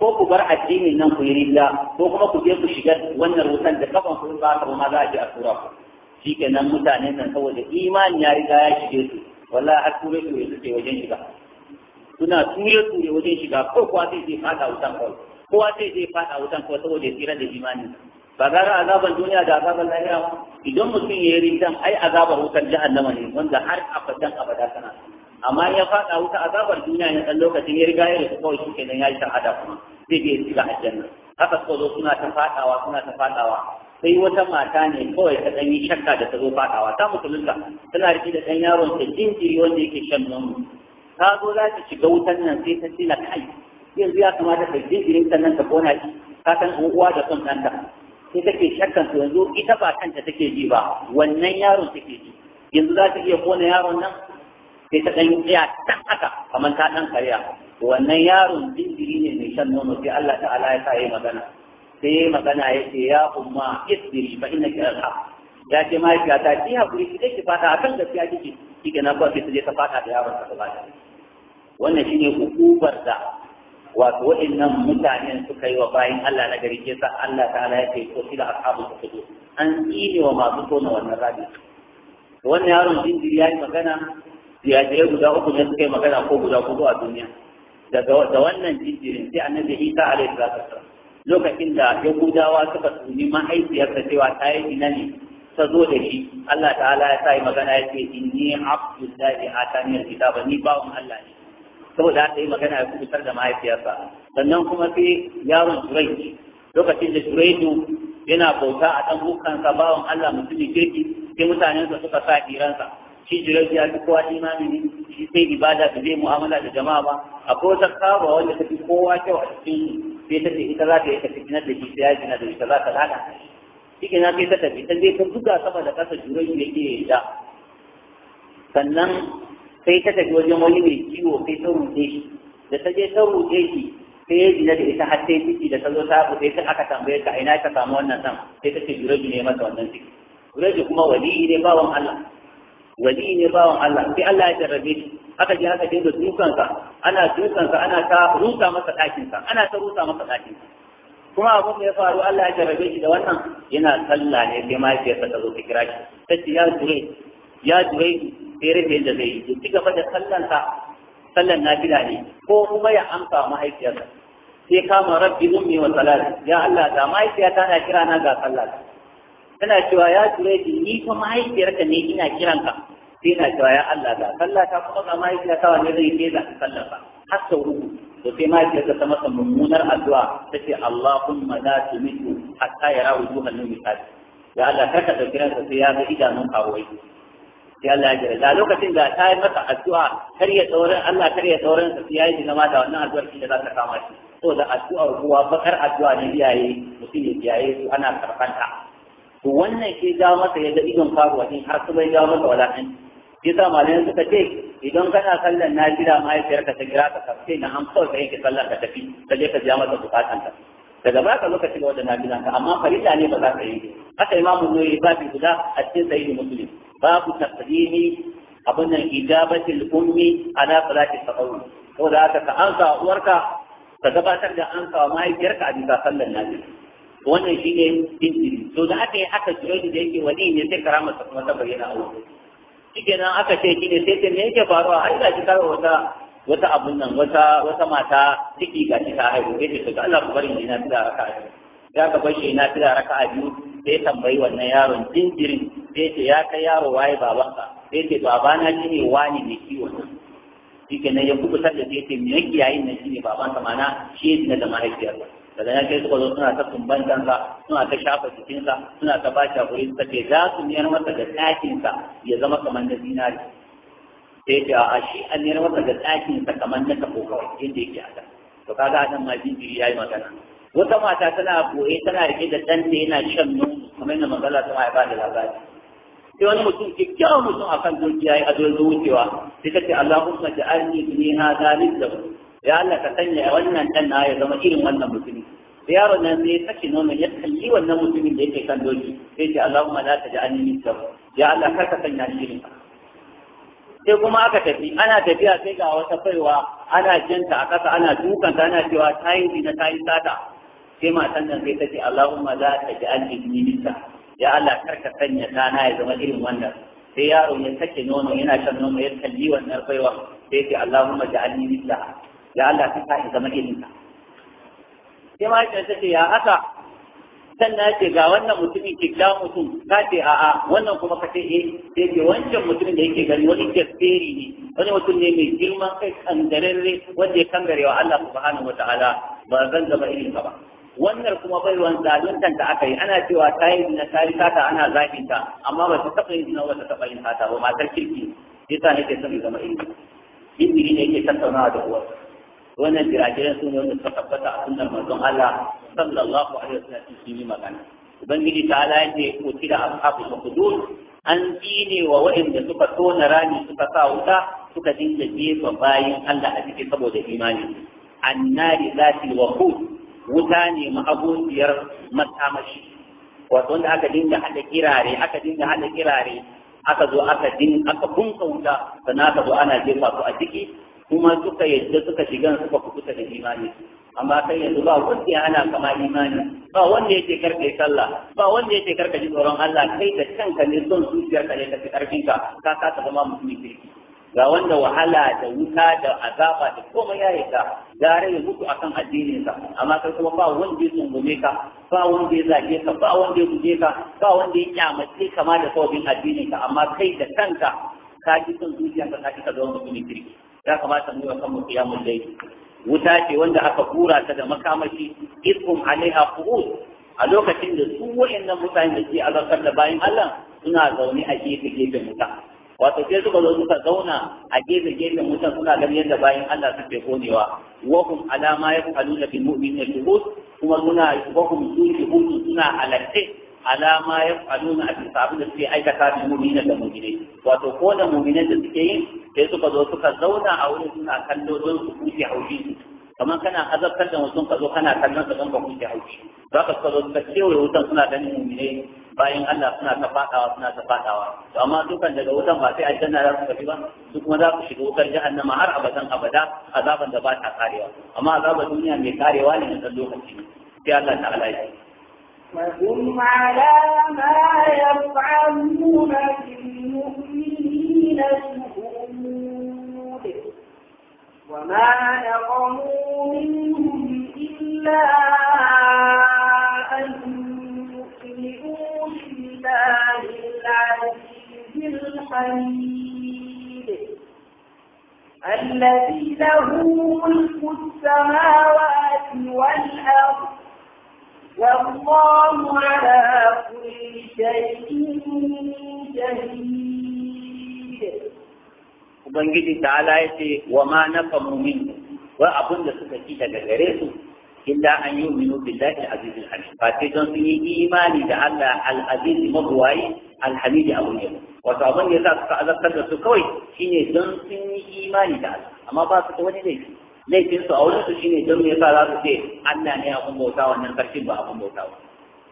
ko ku bar addinin nan ku yi rilla ko kuma ku je ku shiga wannan wutan da kafan ku ba ka ma za a je a tura ku shikenan mutane nan saboda imani ya riga ya shige su wallahi har ture su ya suke wajen shiga suna ture ture wajen shiga ko kuwa sai zai fada wutan kawai kowa sai zai fada wutan kawai saboda ya tsira da imani ba gara azaban duniya da azaban lahira ba idan mutum ya yi rintan ai azabar wutar jahannama ne wanda har abadan abada tana amma ya fada wuta azabar duniya ne dan lokacin ya riga ya rasu kawai shi kenan ya yi sa'ada kuma zai je ya tsira aljanna haka suka zo suna ta fadawa suna ta fadawa sai wata mata ne kawai ta ɗan yi shakka da ta zo fadawa. ta musulunta tana riƙe da ɗan yaron ta jinjiri wanda yake shan nono ka zo za ki shiga wutan nan sai ta tina kai yanzu ya kamata ka jinjirin ta nan ta kona shi ka san uwa da son ɗanta sai take shakkan to yanzu ita ba kanta take ji ba wannan yaron take ji yanzu za ta iya kona yaron nan sai ta ɗan tsaya ta haka kamar ta ɗan karya wannan yaron jinjiri ne mai shan nono sai Allah ta'ala ya sa yi magana sai magana ya ce ya umma isbiri fa innaki alhaq ya ce mahaifiyata ki haƙuri ki ki fada akan gaskiya kike kike na ba sai ta je ta fada da yaron ka gaba wannan shine hukubar da wato waɗannan mutanen suka yi wa bayan Allah na gari ke sa Allah ta'ala ya kai ko sila ta ukhdud an tsine wa masu tona wannan rabi wannan yaron jinjiri yayi magana je guda uku ne suka yi magana ko guda hudu a duniya daga da wannan jinjirin sai annabi Isa alaihi salatu lokacin da Yahudawa suka tuni mahaifiyarsa cewa ta yi ina ne ta zo da shi Allah ta'ala ya sai magana ya ce inni abdullahi atani alkitaba ni bawon Allah ne saboda haka yi magana ya kubutar da mahaifiyarsa sannan kuma sai yaron Jurayj lokacin da Jurayju yana bauta a ɗan bukansa bawan Allah mutumin kirki sai mutanensa suka sa kiransa shi Jurayju ya fi kowa imani ne shi sai ibada da zai mu'amala da jama'a ba akwai wata kawo wanda ta fi kowa kyau a cikin sai ta ce ita za ta yi ta fitinar da shi sai ya gina da ita za ta lalata shi na sai ta tafi ta zai ta buga sama da ƙasa jurai da ke da sannan sai ta tafi wajen wani mai ciwo sai ta rute shi da ta je ta rute shi sai ya jina da ita har sai ciki da ta zo ta abu sai ta aka tambaye ta ina ta samu wannan san sai ta ce jurai ne masa wannan ciki jurai kuma waliyi ne bawan Allah waliyi ne bawan Allah sai Allah ya jarrabe shi aka je aka dinga dukansa ana dukansa ana ta rusa masa ɗakinsa ana ta rusa masa ɗakinsa kuma abin da ya faru Allah ya jarabe shi da wannan yana sallah ne sai mahaifiyarsa ta zo ta kira shi ta ce ya jure ya jure sai rufe da zai yi ci gaba da sallansa sallan gida ne ko kuma ya amsa mahaifiyarsa sai kama rabbi ummi wa salati ya Allah da mahaifiyata na kira na ga sallah tana cewa ya jure ni fa mahaifiyarka ne ina kiranka sai na cewa ya Allah da sallah ta kuma ga mahaifiyata wanda zai ce da sallah ba har sau uku to sai ma ta ta masa mummunar addu'a ta ce Allahumma la tumitu hatta yara wujuhan min misali ya Allah kar ka dauki ransa sai ya ga idanun kawai sai Allah ya jira da lokacin da ta yi masa addu'a kar ya tsoron Allah kar ya tsoron sa sai ya yi zama da wannan addu'ar shi da za ta kama shi to da addu'ar ruwa, bakar addu'a ne iyaye mutum ya kiyaye su ana karfanta to wannan ke jawo masa ya ga idon faruwa din har su bai jawo masa wadatanci yasa malayan suka ce idan kana sallan nafila mahaifiyarka ta kira ka kafce na an kawai ka yanke sallar ka tafi ka je ka biya mata bukatan ka daga ba ka lokaci da na jira ka amma farilla ne ba za ka yi haka imamu ne babu guda a cikin sahihi muslim babu tasrimi abin nan ijabatil ummi ala salati sahur da haka ka ansa uwarka ka gabatar da ansa mahaifiyarka a bisa sallar nafila wannan shine jinjiri to da aka yi haka jirage da yake wani ne sai karamarsa kuma ta bayyana a wurin shike nan aka ce shi ne sai ta ne yake faruwa har ga shi karo wata wata abun nan wata wata mata ciki ga shi ta haihu sai ta ga Allah ku bari ni na tsira raka'a biyu ya ka bar shi na tsira raka'a biyu sai tambayi wannan yaron jinjirin sai ce ya kai yaro waye babanka sai ce babana shi ne wani ne kiwon nan ke nan ya kubutar da sai ce me yake yayin nan shi ne babanka mana shi ne da mahaifiyarsa daga ya kai suka zo suna ta sumbantansa suna ta shafa jikinsa suna ta ba shafuri suka ce za su niyar masa da ɗakinsa ya zama kamar na zinari sai ce a shi an niyar masa da ɗakinsa kamar na tafo kawai inda yake a kan to kaga a nan ma jinjiri ya yi magana wata mata tana boye tana rike da ɗanta yana shan nono kamar yadda magana ta ma ba da labari sai wani mutum kyawun mutum a kan doki ya yi ado wucewa sai ta ce Allahumma ja'alni min hadha rizqan ya Allah ka sanya wannan dan na ya zama irin wannan mutumin da yaron nan sai saki nonon ya kalli wannan mutumin da yake kan doki sai ce Allahumma la taj'alni min ya Allah kar ka sanya shi irin sai kuma aka tafi ana tafiya sai ga wata faiwa ana jinta a ƙasa ana dukanta ana cewa ta yi dina ta yi sata sai matan nan sai ta ce Allahumma la taj'alni min ya Allah kar ka sanya ɗan'a ya zama irin wannan sai yaron ya sake nono yana shan nono ya kalli wannan faiwa sai ce Allahumma ja'alni mithlaha ya Allah ta sa zama ilinka sai ma ya ce ya aka sannan na ce ga wannan mutumin ke da mutum ka ce a'a wannan kuma ka ce eh sai ce wancan mutumin da yake gani wani jasperi ne wani mutum ne mai girman kai kangararre wanda ya kangare wa Allah subhanahu wataala ba zan zama irin ba wannan kuma bai ruwan zaluntan da aka yi ana cewa ta yi na ta sata ana zafin ta amma ba ta taɓa yin zina ta taɓa yin sata ba matar kirki sai ta nake son zama irin ka. Yin ne yake tattaunawa da uwarsa. wannan jiragen su ne wanda suka tabbata a sunnar manzon Allah sallallahu alaihi wasallam shi yi magana ubangiji ta ala yace ko tira ashabu hudud an tsine wa waɗanda suka tona rami suka sa wuta suka dinga jefa bayan Allah a cikin saboda imani annari zati waqud wuta ne ma'abociyar matsamashi wato wanda aka dinga hada kirare aka dinga hada kirare aka zo aka din aka bunka wuta sannan aka zo ana jefa su a ciki kuma suka yadda suka shiga suka kubuta da imani amma kai yanzu ba wanda ya hana kama imani ba wanda yake karka yi sallah ba wanda yake karka ji tsoron Allah kai da kanka ne son zuciyar ka ne ka fi karfin ka ka kasa zama mutumin kirki ga wanda wahala da wuta da azaba da komai ya yi ka gare ya mutu akan addinin ka amma kai kuma ba wanda ya tsungume ka ba wanda ya zage ka ba wanda ya guje ka ba wanda ya kyamace kama da sabbin addinin ka amma kai da kanka ka ji son zuciya ka ka zama mutumin kirki ya kamata mu yi wa kanmu qiyamul layl wuta ce wanda aka kura ta da makamashi iskum alaiha qu'ud a lokacin da su wayannan mutane da ke azabtar da bayan Allah suna zaune a gefe gefen wuta wato sai suka zo suka zauna a gefe gefen wutan suna ganin yadda bayan Allah suke konewa wa hum ala ma yaf'aluna bil mu'minina shuhud kuma suna wa hum suna alatte alama ya a bisa abin da suke aikata da muminai da mu'minai wato ko da mu'minan da suke yi sai suka zo suka zauna a wurin suna kallo don su kuce haushi kamar kana azabtar da mutum ka zo kana kallon sa don ka kuce haushi za ka suka zo suka cewa wutan suna ganin mu'minai bayan Allah suna ta fadawa suna ta fadawa to amma dukan daga wutan ba sai aljanna za su tafi ba su kuma za su shiga wutar jahannama har abadan abada azaban da ba ta karewa amma azaban duniya mai karewa ne na dan lokaci sai Allah ta'ala ya فهم على ما يفعلون بالمؤمنين شهود وما نقموا منهم إلا أن يؤمنوا بالله العزيز الحميد الذي له ملك السماوات والأرض والله على كل شيء شهيد Ubangiji ta'ala ya ce wa ma na famumin wa abin da suka ci daga gare su illa an yi minu billahi azizul hamid fa ta don sun yi imani da Allah al-aziz mabuwayi al-hamid abu ne wato abin da suka azabta da su kawai shine don sun yi imani da Allah amma ba su da wani laifi laifin su a wurin su shine don me yasa za su ce Allah ne abun bauta wannan ba abun bauta ba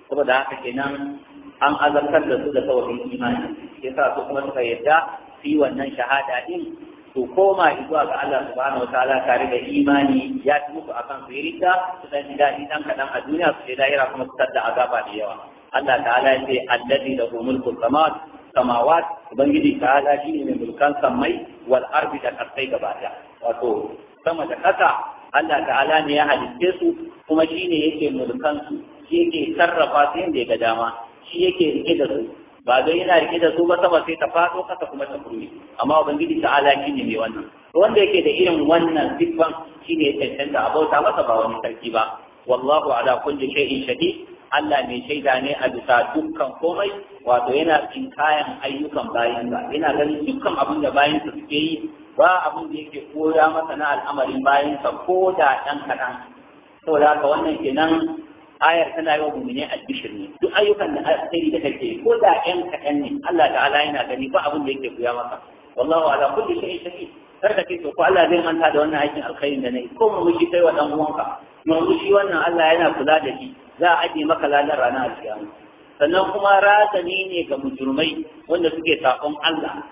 saboda haka kenan an azabtar da su da saurin imani yasa su kuma suka yadda fi wannan shahada din su koma zuwa ga Allah subhanahu wataala tare da imani ya ci muku akan su yi su dan ji daɗi dan kaɗan a duniya su je lahira kuma su tadda azaba da yawa Allah ta'ala ya ce alladhi lahu mulku samawat samawat ubangiji ta'ala shine mai mulkan sammai wal ardi da kasai gaba wato sama da ƙasa Allah ta'ala ne ya halitte su kuma shi ne yake mulkan su shi yake sarrafa su yadda ya ga dama shi yake rike da su ba don yana rike da su ba sama sai ta faɗo ƙasa kuma ta kurmi amma ubangiji ta'ala shi ne mai wannan wanda yake da irin wannan siffan shi ne ya cancanta a bauta masa ba wani sarki ba wallahu ala kulli shay'in shadid Allah mai shaida ne a bisa dukkan komai wato yana cin kayan ayyukan bayansa yana ganin dukkan abin da su suke yi ba abin da yake koya masa na al'amarin bayan sa ko da ɗan kaɗan saboda haka wannan kenan ayar tana yi wa mummune ne duk ayyukan da alkhairi da kake ko da ɗan kaɗan ne Allah ta'ala yana gani ba abin da yake koya masa wallahu ala kulli shay'in shahid kar ka ko Allah zai manta da wannan aikin alkhairin da nayi ko murmushi kai wa dan uwanka shi wannan Allah yana kula da shi za a aje maka lalar ranar alkiyama sannan kuma razani ne ga mujurmai wanda suke sakon Allah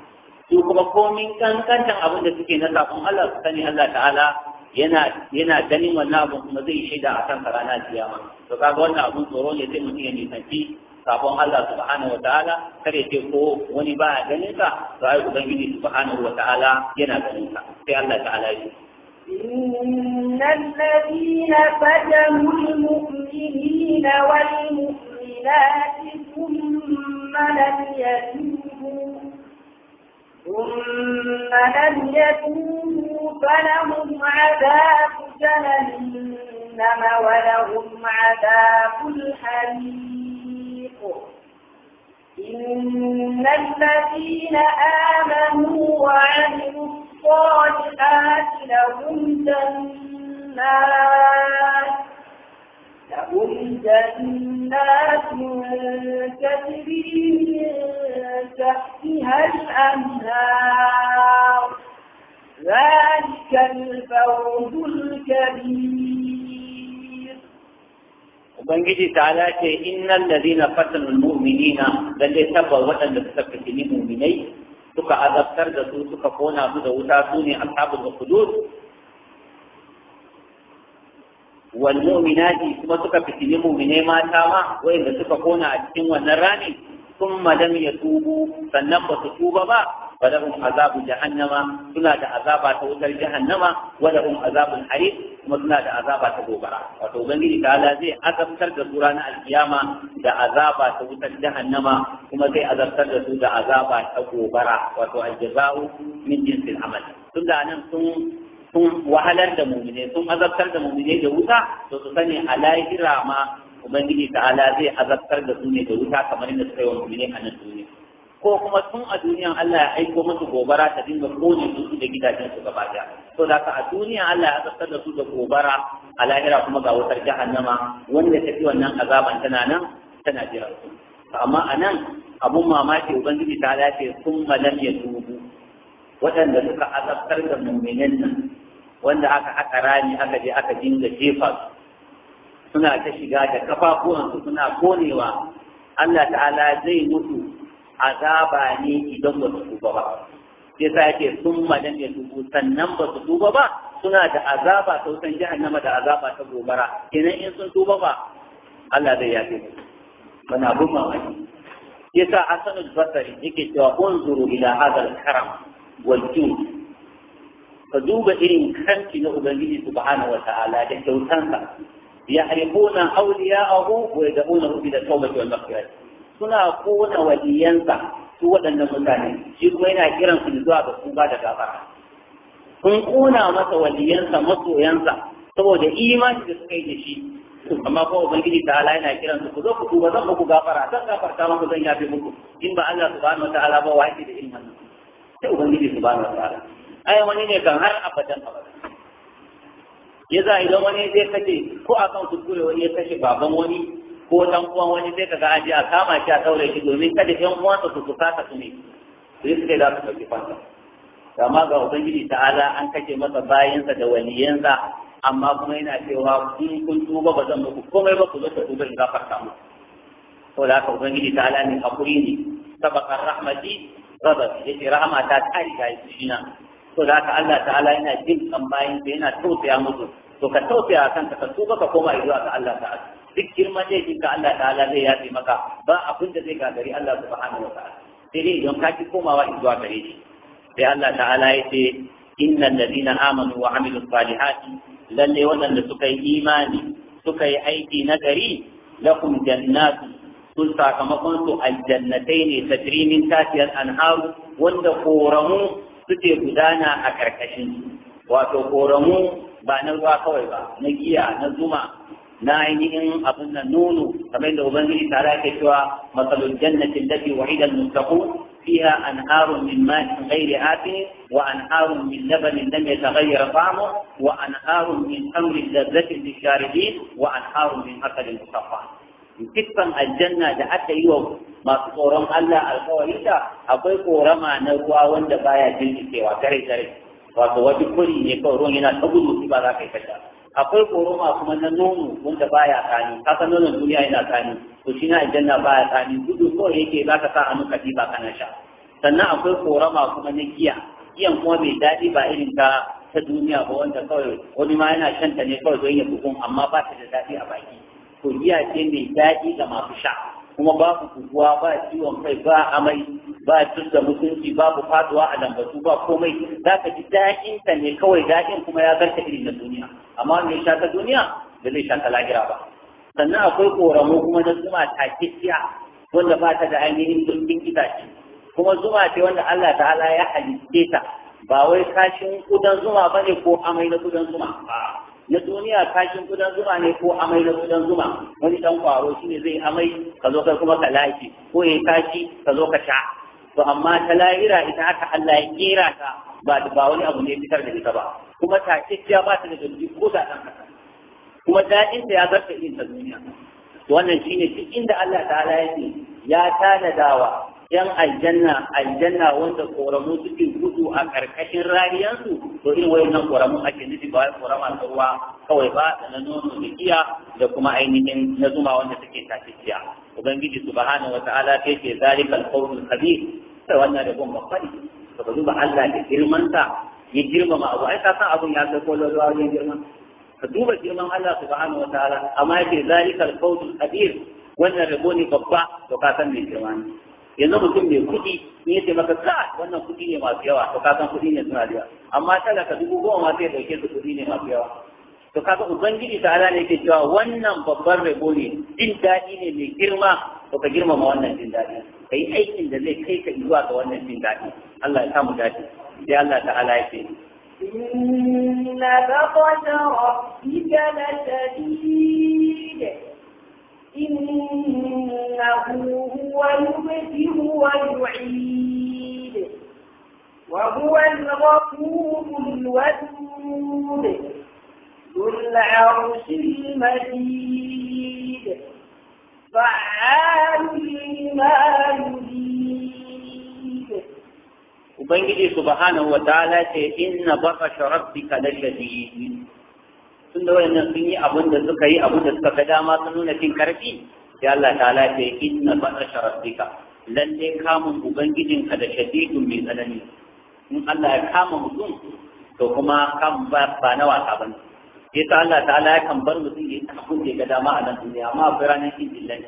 su kuma komin kankantan abin da suke na safin Allah su sani Allah ta'ala yana yana ganin wannan abin kuma zai shaida a kan rana kiyama to kaga wannan abin tsoro ne sai mutum ya nisanci sabon Allah subhanahu wataala ya ce ko wani ba ya ganin ka to ai ubangiji subhanahu wataala yana ganin ka sai Allah ta'ala ya إن الذين فتنوا المؤمنين والمؤمنات ثم لم يتوبوا ثم لم يتوبوا فلهم عذاب جهنم ولهم عذاب الحريق إن الذين آمنوا وعملوا الصالحات لهم جنات لهم جنات تجري من تحتها الأنهار ذلك الفوز الكبير ومن وبنجي تعالى إن الذين قتلوا المؤمنين بل يتبوا وأن تستفتني مؤمنين suka azabtar da su suka kona su da wuta والمؤمنات كما سكا بسيني مؤمنين ما تاما وإن سكا كونا أجسين ونراني ثم لم يتوبوا فنقوا تتوبا با ولهم عذاب جهنم سنة عذاب توتا جهنم ولهم عذاب الحريق ثم سنة عذاب توبا وتوبني تعالى زي عذاب سرد سورانا القيامة دا عذاب توتا جهنم ثم زي عذاب سرد سورة عذاب توبا وتو الجزاء من جنس العمل ثم دعنا ثم sun wahalar da mumine, sun azabtar da mumine da wuta to su sani a lahira ma ubangiji ta'ala zai azabtar da su ne da wuta kamar inda suka yi wa mumine a nan duniya ko kuma tun a duniyan Allah ya aiko musu gobara ta dinga kone su da gidajen su gaba daya to da ka a duniyan Allah ya azabtar da su da gobara a lahira kuma ga wutar jahannama wanda tafi wannan azaban tana nan tana jiran su amma a nan abun mamaki ubangiji ta lafiya sun malam ya tubu waɗanda suka azabtar da mu'minan nan wanda aka haka rami aka je aka dinga jefa suna ta shiga da kafafuwansu suna konewa Allah ta'ala zai mutu azaba ne idan ba su tuba ba sai sa yake sun madan ya tubu sannan ba su tuba ba suna da azaba ta wutan jahannama da azaba ta gobara kenan in sun tuba ba Allah zai yafe su bana abun mamaki sai sa hasanul basari yake cewa unzuru ila hadal karam wal jud ka duba irin kanki na ubangiji subhanahu ta'ala da kyautansa ya yahrifuna awliya'ahu wa rufi da tawbati wal maghfirah suna kona waliyansa su waɗannan mutane shi kuma yana kiran su zuwa ga sun da gafara sun kona masa waliyansa masoyansa saboda imani da suka yi da shi amma ko ubangiji ta ala yana kiran su ku zo ku tuba zan ku gafara zan gafarta muku zan yafe muku in ba Allah subhanahu ta'ala ba wa yake da ilmin sai ubangiji subhanahu ta'ala. ai wani ne kan har abadan abada ya za idan wani zai kashe ko a kan kuskure wani ya kashe baban wani ko dan uwan wani zai kaga aji a kama shi a daure shi domin kada yan uwansa su saka su ne sai suka da su dauki fanta amma ga ubangiji ta'ala an kashe masa bayansa da waliyansa amma kuma yana cewa kun kun tuba ba zan muku komai ba ku zo ta tuba in mu to da haka ubangiji ta'ala ne hakuri ne sabaka rahmati sabaka yace rahmata ta ta riga shi na to da haka Allah ta'ala yana jin kan bayin yana tausaya musu to ka tausaya kanka ka tuba ka koma zuwa ga Allah ta'ala duk girman laifin ka Allah ta'ala zai yafe maka ba abin da zai gagari Allah subhanahu wa ta'ala sai dai idan ka ki komawa zuwa gare shi sai Allah ta'ala ya ce innal ladina amanu wa amilus salihati lalle wannan da suka yi imani suka yi aiki na gari lakum jannatu sun sakamakon su aljannatai ne tajri min tatiyal anharu wanda koramu suke gudana a karkashin wato koramu ba na ruwa kawai ba na giya na zuma na ainihin abin nan nono kamar da ubangiji tare ke cewa masalul jannati allati wa'ida al-muttaqun fiha anharu min ma'in ghairi atin wa anharu min labanin lam yataghayyar ta'amu wa anharu min khamrin ladhatin lisharibin wa anharu min aqalin musaffa dukkan aljanna da aka yi wa masu tsoron Allah da akwai korama na ruwa wanda baya jirgicewa kare-kare. wato wani kuri ne kawai ruwan yana ta gudu ba za ka yi kasha akwai koroma kuma na nono wanda baya tsani kasa nonon duniya yana tsani to shi na aljanna baya tsani gudu kawai yake za ka sa a ka ba kana sha sannan akwai korama kuma na giya giyan kuma mai daɗi ba irin ta ta duniya ba wanda kawai wani ma yana shanta ne kawai don ya bugun amma ba ta da daɗi a baki to ce mai daɗi ga masu sha kuma babu kuguwa ba ciwon kai ba amai ba da mutunci babu faduwa a lambatu ba komai za ka ji daɗin ta ne kawai daɗin kuma ya zarta irin na duniya amma mai sha ta duniya da zai sha ta lahira ba sannan akwai ƙoramo kuma na zuma takiciya wanda ba ta da ainihin dukkin itace kuma zuma ce wanda Allah ta'ala ya halitte ta ba wai kashin kudan zuma bane ko amai na kudan zuma a'a na duniya kashin kudan zuma ne ko amai na kudan zuma wani dan kwaro ne zai amai ka zo kai kuma ka lafi ko ya kaki ka zo ka sha to amma ta lahira ita aka Allah ya kera ta ba ba wani abu ne fitar da ita ba kuma ta kicciya ba ta da dalili ko da dan kasa kuma daɗin ta ya zarta yin ta duniya wannan shine duk inda Allah halaye ya ce ya yan aljanna aljanna wanda koramu suke gudu a karkashin rariyansu to irin wayannan koramu ake nufi ba wai korama ta ruwa kawai ba da na nono da giya da kuma ainihin na zuma wanda suke tashiya ubangiji subhanahu wataala kai ke zalikal qawlul kabir sai wannan da gon babbali to ka duba Allah da girmanta ya girmama abu ai ka san abun ya kai kolon ruwa wajen girma? ka duba girman Allah subhanahu wataala amma yake zalikal qawlul kabir wannan rabo ne babba to ka san me girma ne yanzu mutum mai kuɗi in ce maka ka wannan kuɗi ne masu yawa to ka san kuɗi ne suna da yawa amma talaka dubu goma ma sai dauke su kuɗi ne masu yawa to kaga ubangiji ta ala ne yake cewa wannan babban rabo ne jin daɗi ne mai girma to ka girmama wannan jin daɗi ka yi aikin da zai kai ka zuwa ga wannan jin daɗi Allah ya samu daɗi sai Allah ta ala ce إن بطش ربك لشديد إنه هو يبدئ ويعيد وهو الغفور الودود ذو العرش المجيد فعال لما يريد وبنجي سبحانه وتعالى إن بطش ربك لشديد tun da wayannan sun yi abin da suka yi abin da suka ga dama sun nuna cin karfi sai Allah ta lafe inna batsha rabbika lalle kamun ubangijinka da shadidun mai tsanani in Allah ya kama mutum to kuma kan ba ba na wasa bane yasa Allah ta'ala ya kan bar mutum ya ta kunje ga dama a nan duniya amma akwai ranar cin billahi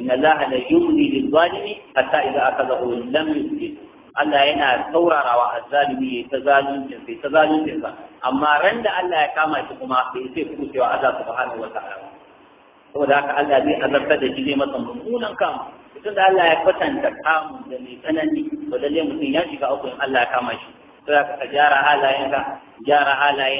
inna Allah la yumli lil zalimi hatta idza akazahu lam yusjid Allah yana saurarawa azzalimi ya ta zalunci sai ta zalunci sa amma ran da Allah ya kama shi kuma bai sai kuma cewa Allah subhanahu wa ta'ala saboda haka Allah zai azabta da shi masa mummunan kama mutum da Allah ya kwatanta kamun da mai tsanani to lalle mutum ya shiga uku in Allah ya kama shi sai ka ka gyara halayenka gyara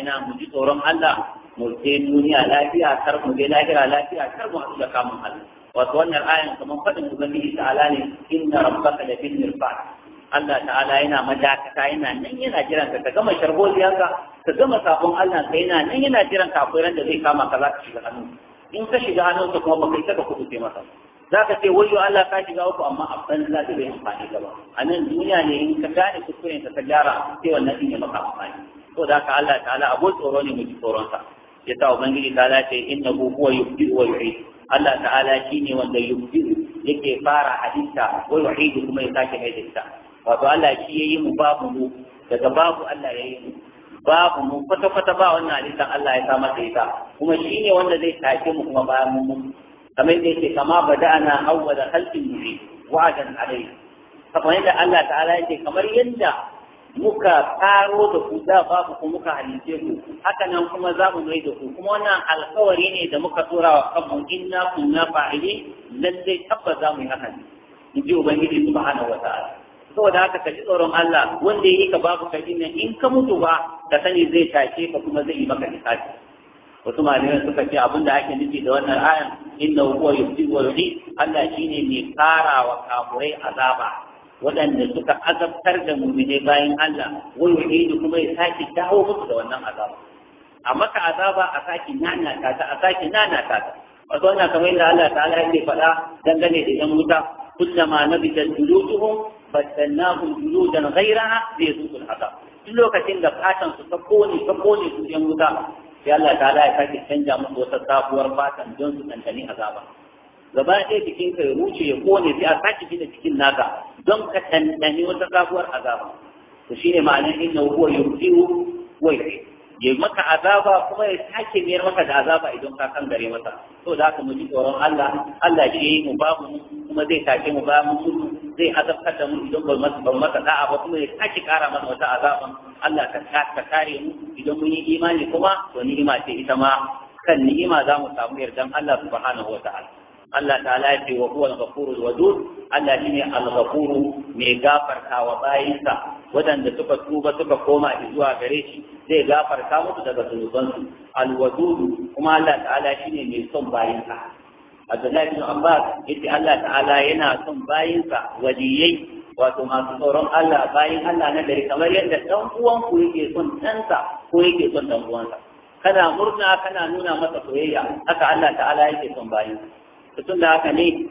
na, mu ji tsoron Allah mu je duniya lafiya kar mu je lahira lafiya kar mu haɗu da kamun Allah wato wannan ayan kamar faɗin ubangiji ta'ala ne inna rabbaka la bil mirsad Allah ta'ala yana madakata yana nan yana jiran ka gama sharholiyarka ka gama sabon Allah ka yana nan yana jiran ka akwai ran da zai kama ka za ka shiga hannu in ka shiga hannun ka kuma baka isa ka kudu sai masa za ka ce wayo Allah ka shiga uku amma a banza da bai amfani gaba a nan duniya ne in ka gane kuskuren ka ka gyara sai wannan din ya maka amfani to da ka Allah ta'ala abu tsoro ne mu ji tsoron sa ya sa ubangiji ta ce innahu huwa yubdi wa yu'id Allah ta'ala shine wanda yubdi yake fara hadisa wa yu'id kuma ya sake hadisa wato Allah shi ya yi mu babu mu daga babu Allah ya yi mu babu mu kwata kwata ba wannan halittar Allah ya sa mata ita kuma shi ne wanda zai tashi mu kuma bayan mu kamar da yake kama bada'ana da khalqin mubin wa'adan alayhi kamar yadda Allah ta'ala yake kamar yadda muka karo da ku da babu ku muka halice ku haka nan kuma za mu mai da ku kuma wannan alkawari ne da muka tura wa kanmu inna kunna fa'ili lalle tabbata za mu yi haka ne in ji ubangiji subhanahu wa ta'ala saboda haka ka ji tsoron Allah wanda ya yi ka babu kaji nan in ka mutu ba ka sani zai tashe ka kuma zai yi maka hisabi wasu malamai suka ce abin da ake nufi da wannan ayan inna huwa yusdi wa yuhyi Allah shine mai karawa kafurai azaba waɗanda suka azabtar da mu'mini bayan Allah wani yuhyi kuma ya sake dawo musu da wannan azaba a maka azaba a sake nana ta a sake nana ta wato wannan kamar yadda Allah ta'ala yake faɗa dangane da yan wuta kullama nabitat juluduhum baddalnahum juludan ghayraha liyazuqul azab duk lokacin da fatan su ta kone ta kone su yan wuta sai Allah ta ya sake canja musu wata sabuwar fatan don su tantani azaba gaba ɗaya cikin ka ya ruce ya kone sai a sake gina cikin naka don ka tantani wata sabuwar azaba to shine ma'anar inna huwa yurdiu wa ya maka azaba kuma ya sake miyar maka da azaba idan ka kan gare masa to da haka mu ji tsoron Allah Allah shi mu ba mu kuma zai sake mu ba mu zai azabtar da mu idan ban masa da'a ba kuma ya sake kara mana wata azaban Allah ka kare mu idan mun yi imani kuma to ni'ima ce ita ma kan ni'ima za mu samu yardan Allah subhanahu wa ta'ala Allah ta'ala ya ce wa huwa al-ghafurul wadud Allah shine al-ghafuru mai gafarta wa bayinsa waɗanda suka tuba suka koma zuwa gare shi zai gafarta musu daga zunubansu alwadudu kuma Allah ta'ala shine mai son bayinsa Abdullahi bin Abbas yace Allah ta'ala yana son bayinsa waliyai wato masu tsoron Allah bayin Allah na gari kamar yadda dan uwan ku yake son ɗansa ko yake son dan uwansa kana murna kana nuna masa soyayya haka Allah ta'ala yake son bayinsa tun tunda haka ne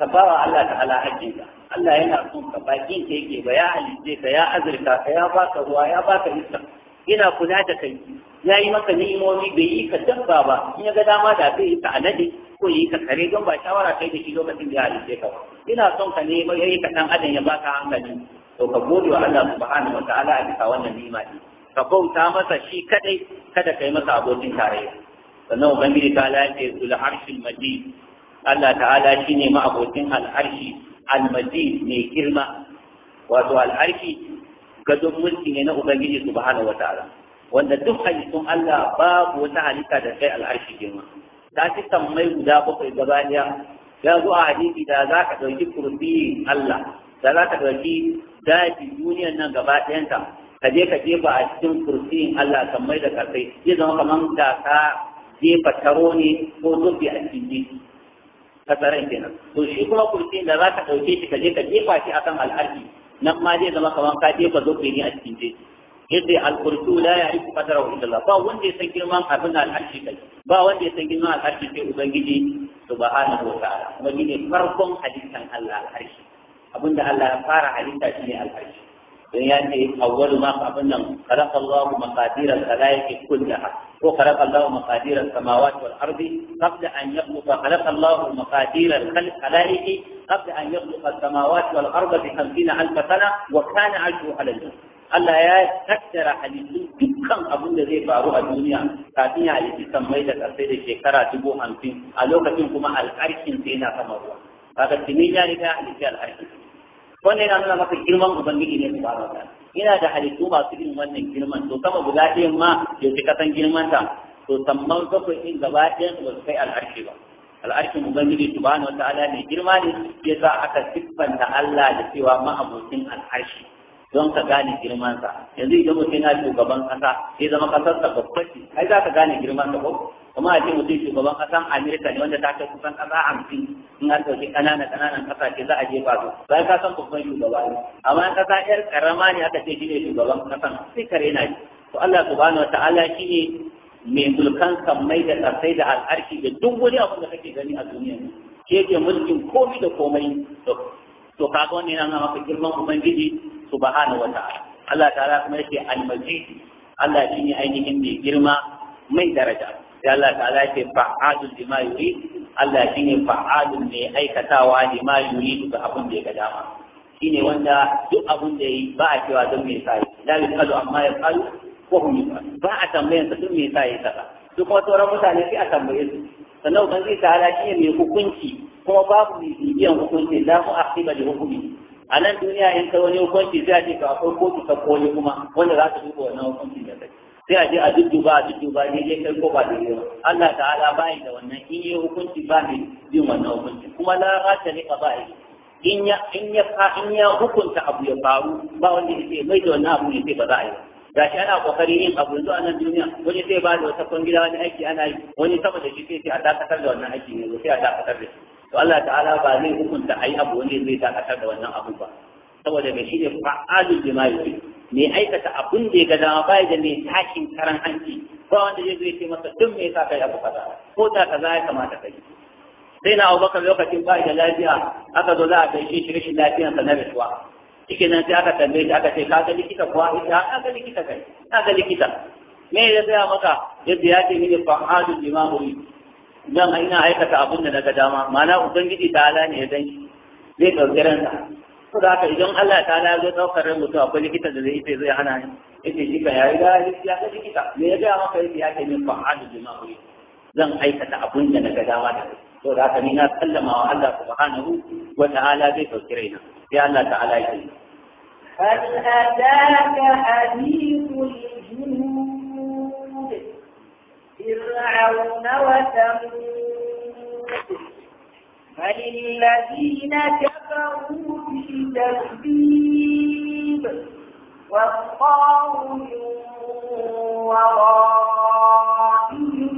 ka bawa Allah ta'ala hajjinka Allah yana son ka bakin ka yake ba ya halice ka ya azurka ka ya baka ruwa ya baka iska yana kula da kai ya yi maka ni'imomi bai yi ka dabba ba in ya ga dama da zai yi ta alade Ko yi ka kare don ba shawara kai da shi lokacin da ya halitta ka ina son ka ne yayi ka dan adam ya baka hankali to ka gode wa Allah subhanahu wa ta'ala a bisa wannan ni'ima din ka bauta masa shi kadai kada kai masa abokin tarayya sannan ubangiji ta lafiya zul arshil majid Allah ta'ala shine ma abokin al'arshi al-majid mai girma wato al'arshi gadon mulki ne na ubangiji subhanahu wa ta'ala wanda duk halittun Allah babu wata halitta da kai al'arshi girma ta kan mai guda bakwai gabaniya ya zo a hadisi da za ka ɗauki kurbi Allah da za ka ɗauki daji duniyan nan gaba ɗayanta ka je ka jefa a cikin kursiyin Allah kan mai da karfai zai zama kamar da ka jefa taro ne ko zubi a cikin kasaran kenan to shi kuma kursiyin da za ka ɗauke shi ka je ka jefa shi akan al'arki nan ma zai zama kamar ka jefa zubi ne a cikin jeji yace al-qurtu la ya'rifu qadarahu illa Allah ba wanda ya san girman abin al-arshi kai ba wanda ya san girman al-arshi sai ubangiji subhanahu wa ta'ala kuma ne farkon halittan Allah al-arshi abinda Allah ya fara halitta shi ne al-arshi don ya ce awwalu ma abin nan khalaqa Allahu maqadir al-khalaiqi kullaha ko khalaqa Allahu maqadir as-samawati wal ardi qabla an yakhluqa khalaqa Allahu maqadir al-khalaiqi qabla an yakhluqa as-samawati wal arda bi 50000 sana wa kana 'arshuhu 'ala al-arsh Allah ya tattara halittu dukkan abin da zai faru a duniya kafin ya halitti kan mai da ƙarfe da shekara dubu hamsin a lokacin kuma alƙarshin sai na sama ruwa kaga tuni ya riga ya halitti alƙarshin wannan yana nuna maka girman ubangiji ne subhanahu wa ta'ala ina da halittu masu irin wannan girman to kama guda ɗaya ma ya fi kasan girman ta to samman bakwai ɗin gaba ɗayan ba su kai al'arshi ba Al'arkin ubangiji subhanahu wa ta'ala mai girma ne ya sa aka siffanta Allah da cewa ma'abocin al'arshi don ka gane girmansa yanzu idan mutum yana shugaban kasa sai zama kasar ta babba ce ai za ka gane girman sa ko kuma a ce mutum shugaban a amerika ne wanda ta kai kusan kasa hamsin in an ɗauki ƙananan ƙananan ƙasashe za a je ba su bayan ka san babban shugaba ne amma kasa yar karama ne aka ce shi ne shugaban ƙasan. sai kare na shi to Allah subhanahu wataala shi ne mai mulkan kamai da ƙasai da al'arki da duk wani abu da kake gani a duniya ke ke mulkin komai da komai to kaga wannan yana maka girman ubangiji subhanahu wa ta'ala Allah ta'ala kuma yake al-majid Allah ne ainihin mai girma mai daraja sai Allah ta'ala yake Fa'adu lima yuri, Allah shi ne Fa'adu mai aikatawa lima yuri da abin da ya dama. Shi ne wanda duk abin da yi ba a cewa don me sai la yusalu amma yasalu ko hum yusalu ba a tambayan sa don me sai saka duk wata sauran mutane sai a tambaye su sannan ubangiji ta'ala shi ne mai hukunci kuma babu mai bibiyan hukunci la mu li hukumi a nan duniya in ta wani hukunci sai a ce ka akwai kotu ta koli kuma wanda za ta duba wannan hukunci da kai sai a je a dudduba a dudduba ne ne kai ko ba da yawa Allah ta'ala bai da wannan in yi hukunci ba ne bin wannan hukunci kuma la ta ne ba in ya in ya fa in ya hukunta abu ya faru ba wanda yake mai da wannan abu ne sai ba za a yi shi ana kokari yin abu yanzu a nan duniya wani sai ba da wata kwangila wani aiki ana yi wani saboda shi sai a dakatar da wannan aiki ne sai a dakatar da shi to Allah ta'ala ba zai hukunta ayi abu wanda zai dakatar da wannan abu ba saboda mai shine fa'alu bima yurid mai aikata abun da ya ga dama ba da mai tashin karan hanci ba wanda zai zai ce masa duk me yasa kai abu kaza ko da kaza ya kamata kai sai na Abubakar lokacin bai da lafiya aka zo za a kai shi rashin lafiyar na rasuwa Cikin nan sai aka tambaye shi aka ce ka ga likita kuwa ita ah, ka ga likita kai ka ga likita me ya tsaya maka yadda ya ce mini fa'alu bima yurid a ina aikata abin da naga dama ma'ana ubangiji ta ala ne ya gan shi zai ɗauki ransa ko da haka idan Allah ta ala zai ɗaukar ran mutum akwai likita da zai ce zai hana ni yake shi ka yayi da ya ga likita me ya ga maka yake yake ke min hadu bima uri zan aikata abin da naga dama da ko da haka ni na sallama wa Allah subhanahu wa ta'ala zai ɗauki raina sai Allah ta'ala ya ce هل أتاك حديث الجنود فرعون وثمود بل الذين كفروا في تكذيب والطاعون ورائهم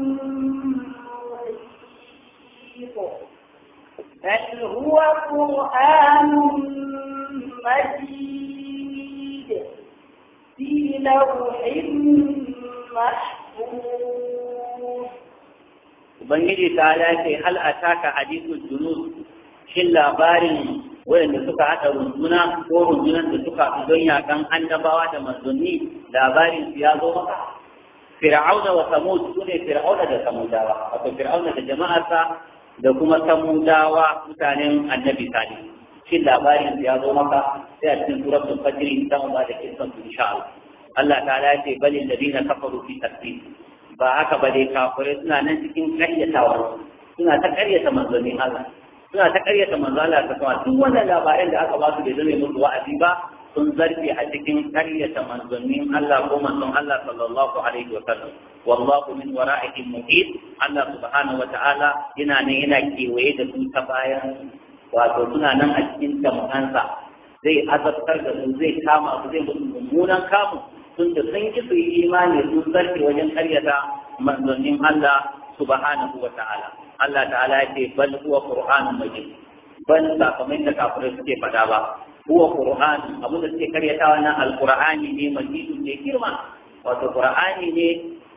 بل هو قرآن مجيد في لوح محفوظ ubangiji ta lafi hal ataka hadithul junus, shin labarin wayanda suka haɗa runduna ko rundunan da suka fi don yakan annabawa da manzanni labarin su ya zo maka fir'auna wa samud sune fir'auna da samudawa wato fir'auna da jama'arsa da kuma samudawa mutanen annabi salih shin labarin su ya zo maka sai a cikin suratul fajr za ba da kisan insha Allah Allah ta'ala ya ce balil ladina kafaru fi tasbih ba haka ba dai kafirai suna nan cikin karyatawa suna ta karyata manzonin Allah suna ta karyata manzon Allah ta kuma duk wannan labaran da aka ba su bai zama musu wa'azi ba sun zarfi a cikin karyata manzonin Allah ko manzon Allah sallallahu alaihi wa sallam wallahu min wara'ihim muhit Allah subhanahu wa ta'ala yana ne yana kewaye da su ta bayan wato suna nan a cikin tamkansa zai azabtar da su zai kama su zai musu mummunan kamun. Tunda sun ki su yi imani sun zarki wajen karyata manzonin Allah subhanahu wa ta'ala Allah ta'ala ya ce bal huwa qur'anun majid ban ba da kafirai suke fada ba huwa qur'an abu da suke karyatawa na alqur'ani ne majidun ne girma wato qur'ani ne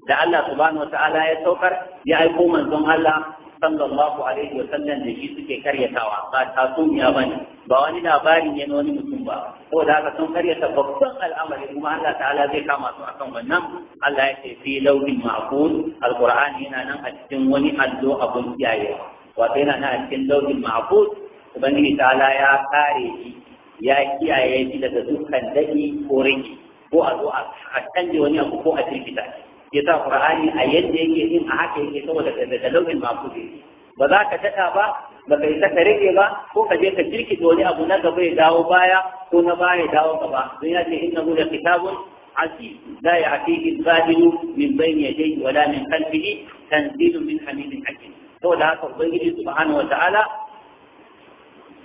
da Allah subhanahu wa ta'ala ya saukar ya aiko manzon Allah sallallahu alaihi wasallam da shi suke karyatawa ba tatsuniya ba ne ba wani labari ne na wani mutum ba ko da haka sun karyata babban al'amari kuma Allah ta'ala zai kama su akan wannan Allah ya ce fi lauhin ma'qul alqur'ani yana nan a cikin wani allo abun kiyaye wato yana nan a cikin lauhin ma'qul ubangiji ta'ala ya kare shi ya kiyaye shi daga dukkan daɗi ko rage ko a zo a canje wani abu ko a jirkita shi ya sa Qur'ani a yadda yake in a haka yake saboda da talaugin mafi ne ba za ka daɗa ba ba ka yi ta karege ba ko ka je ka kirki wani abu na gaba ya dawo baya ko na baya ya dawo gaba don ya ce inna da kitabun aziz la ya'tihi al-badilu min bayni yadayhi wa la min khalfihi tanzilu min hamidin hakim saboda haka ubangiji subhanahu wa ta'ala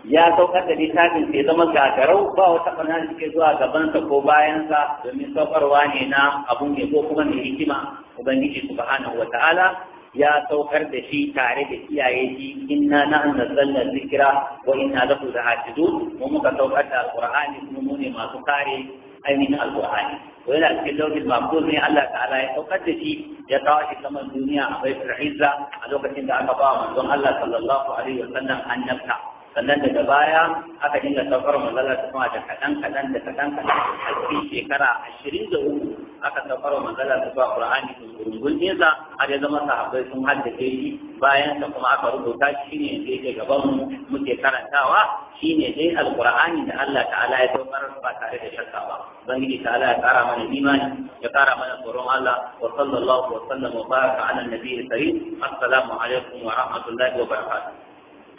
ya saukar da littafin sai zama gagarau ba wata ɓarna da suke zuwa gabansa ko bayansa domin saukarwa ne na abun ne ko kuma mai hikima ubangiji subhanahu wa ta'ala ya saukar da shi tare da iyaye shi inna nahnu nazzalna dhikra wa inna lahu lahafizun mu muka saukar da alqur'ani kuma mu ne masu kare ainihin alqur'ani to yana cikin lauhin mafuz ne Allah ta'ala ya saukar da shi ya kawo shi kamar duniya a baitul izza a lokacin da aka ba manzon Allah sallallahu alaihi wa sallam annabta sannan daga baya aka dinga saukar manzala ta sama da kaɗan kaɗan da kaɗan kaɗan a cikin shekara ashirin da uku aka saukar manzala ta zuwa ƙur'ani da gurgun nesa har ya zama sahabbai sun haddace shi bayan ta kuma aka rubuta shi ne da yake gaban mu muke karantawa shi ne dai alƙur'ani da Allah ta'ala ya saukar ba tare da shakka ba ubangiji ta'ala ya ƙara mana imani ya ƙara mana tsoron Allah wa sallallahu wa sallam wa baraka ala nabiyyi karim assalamu alaikum wa rahmatullahi wa barakatuh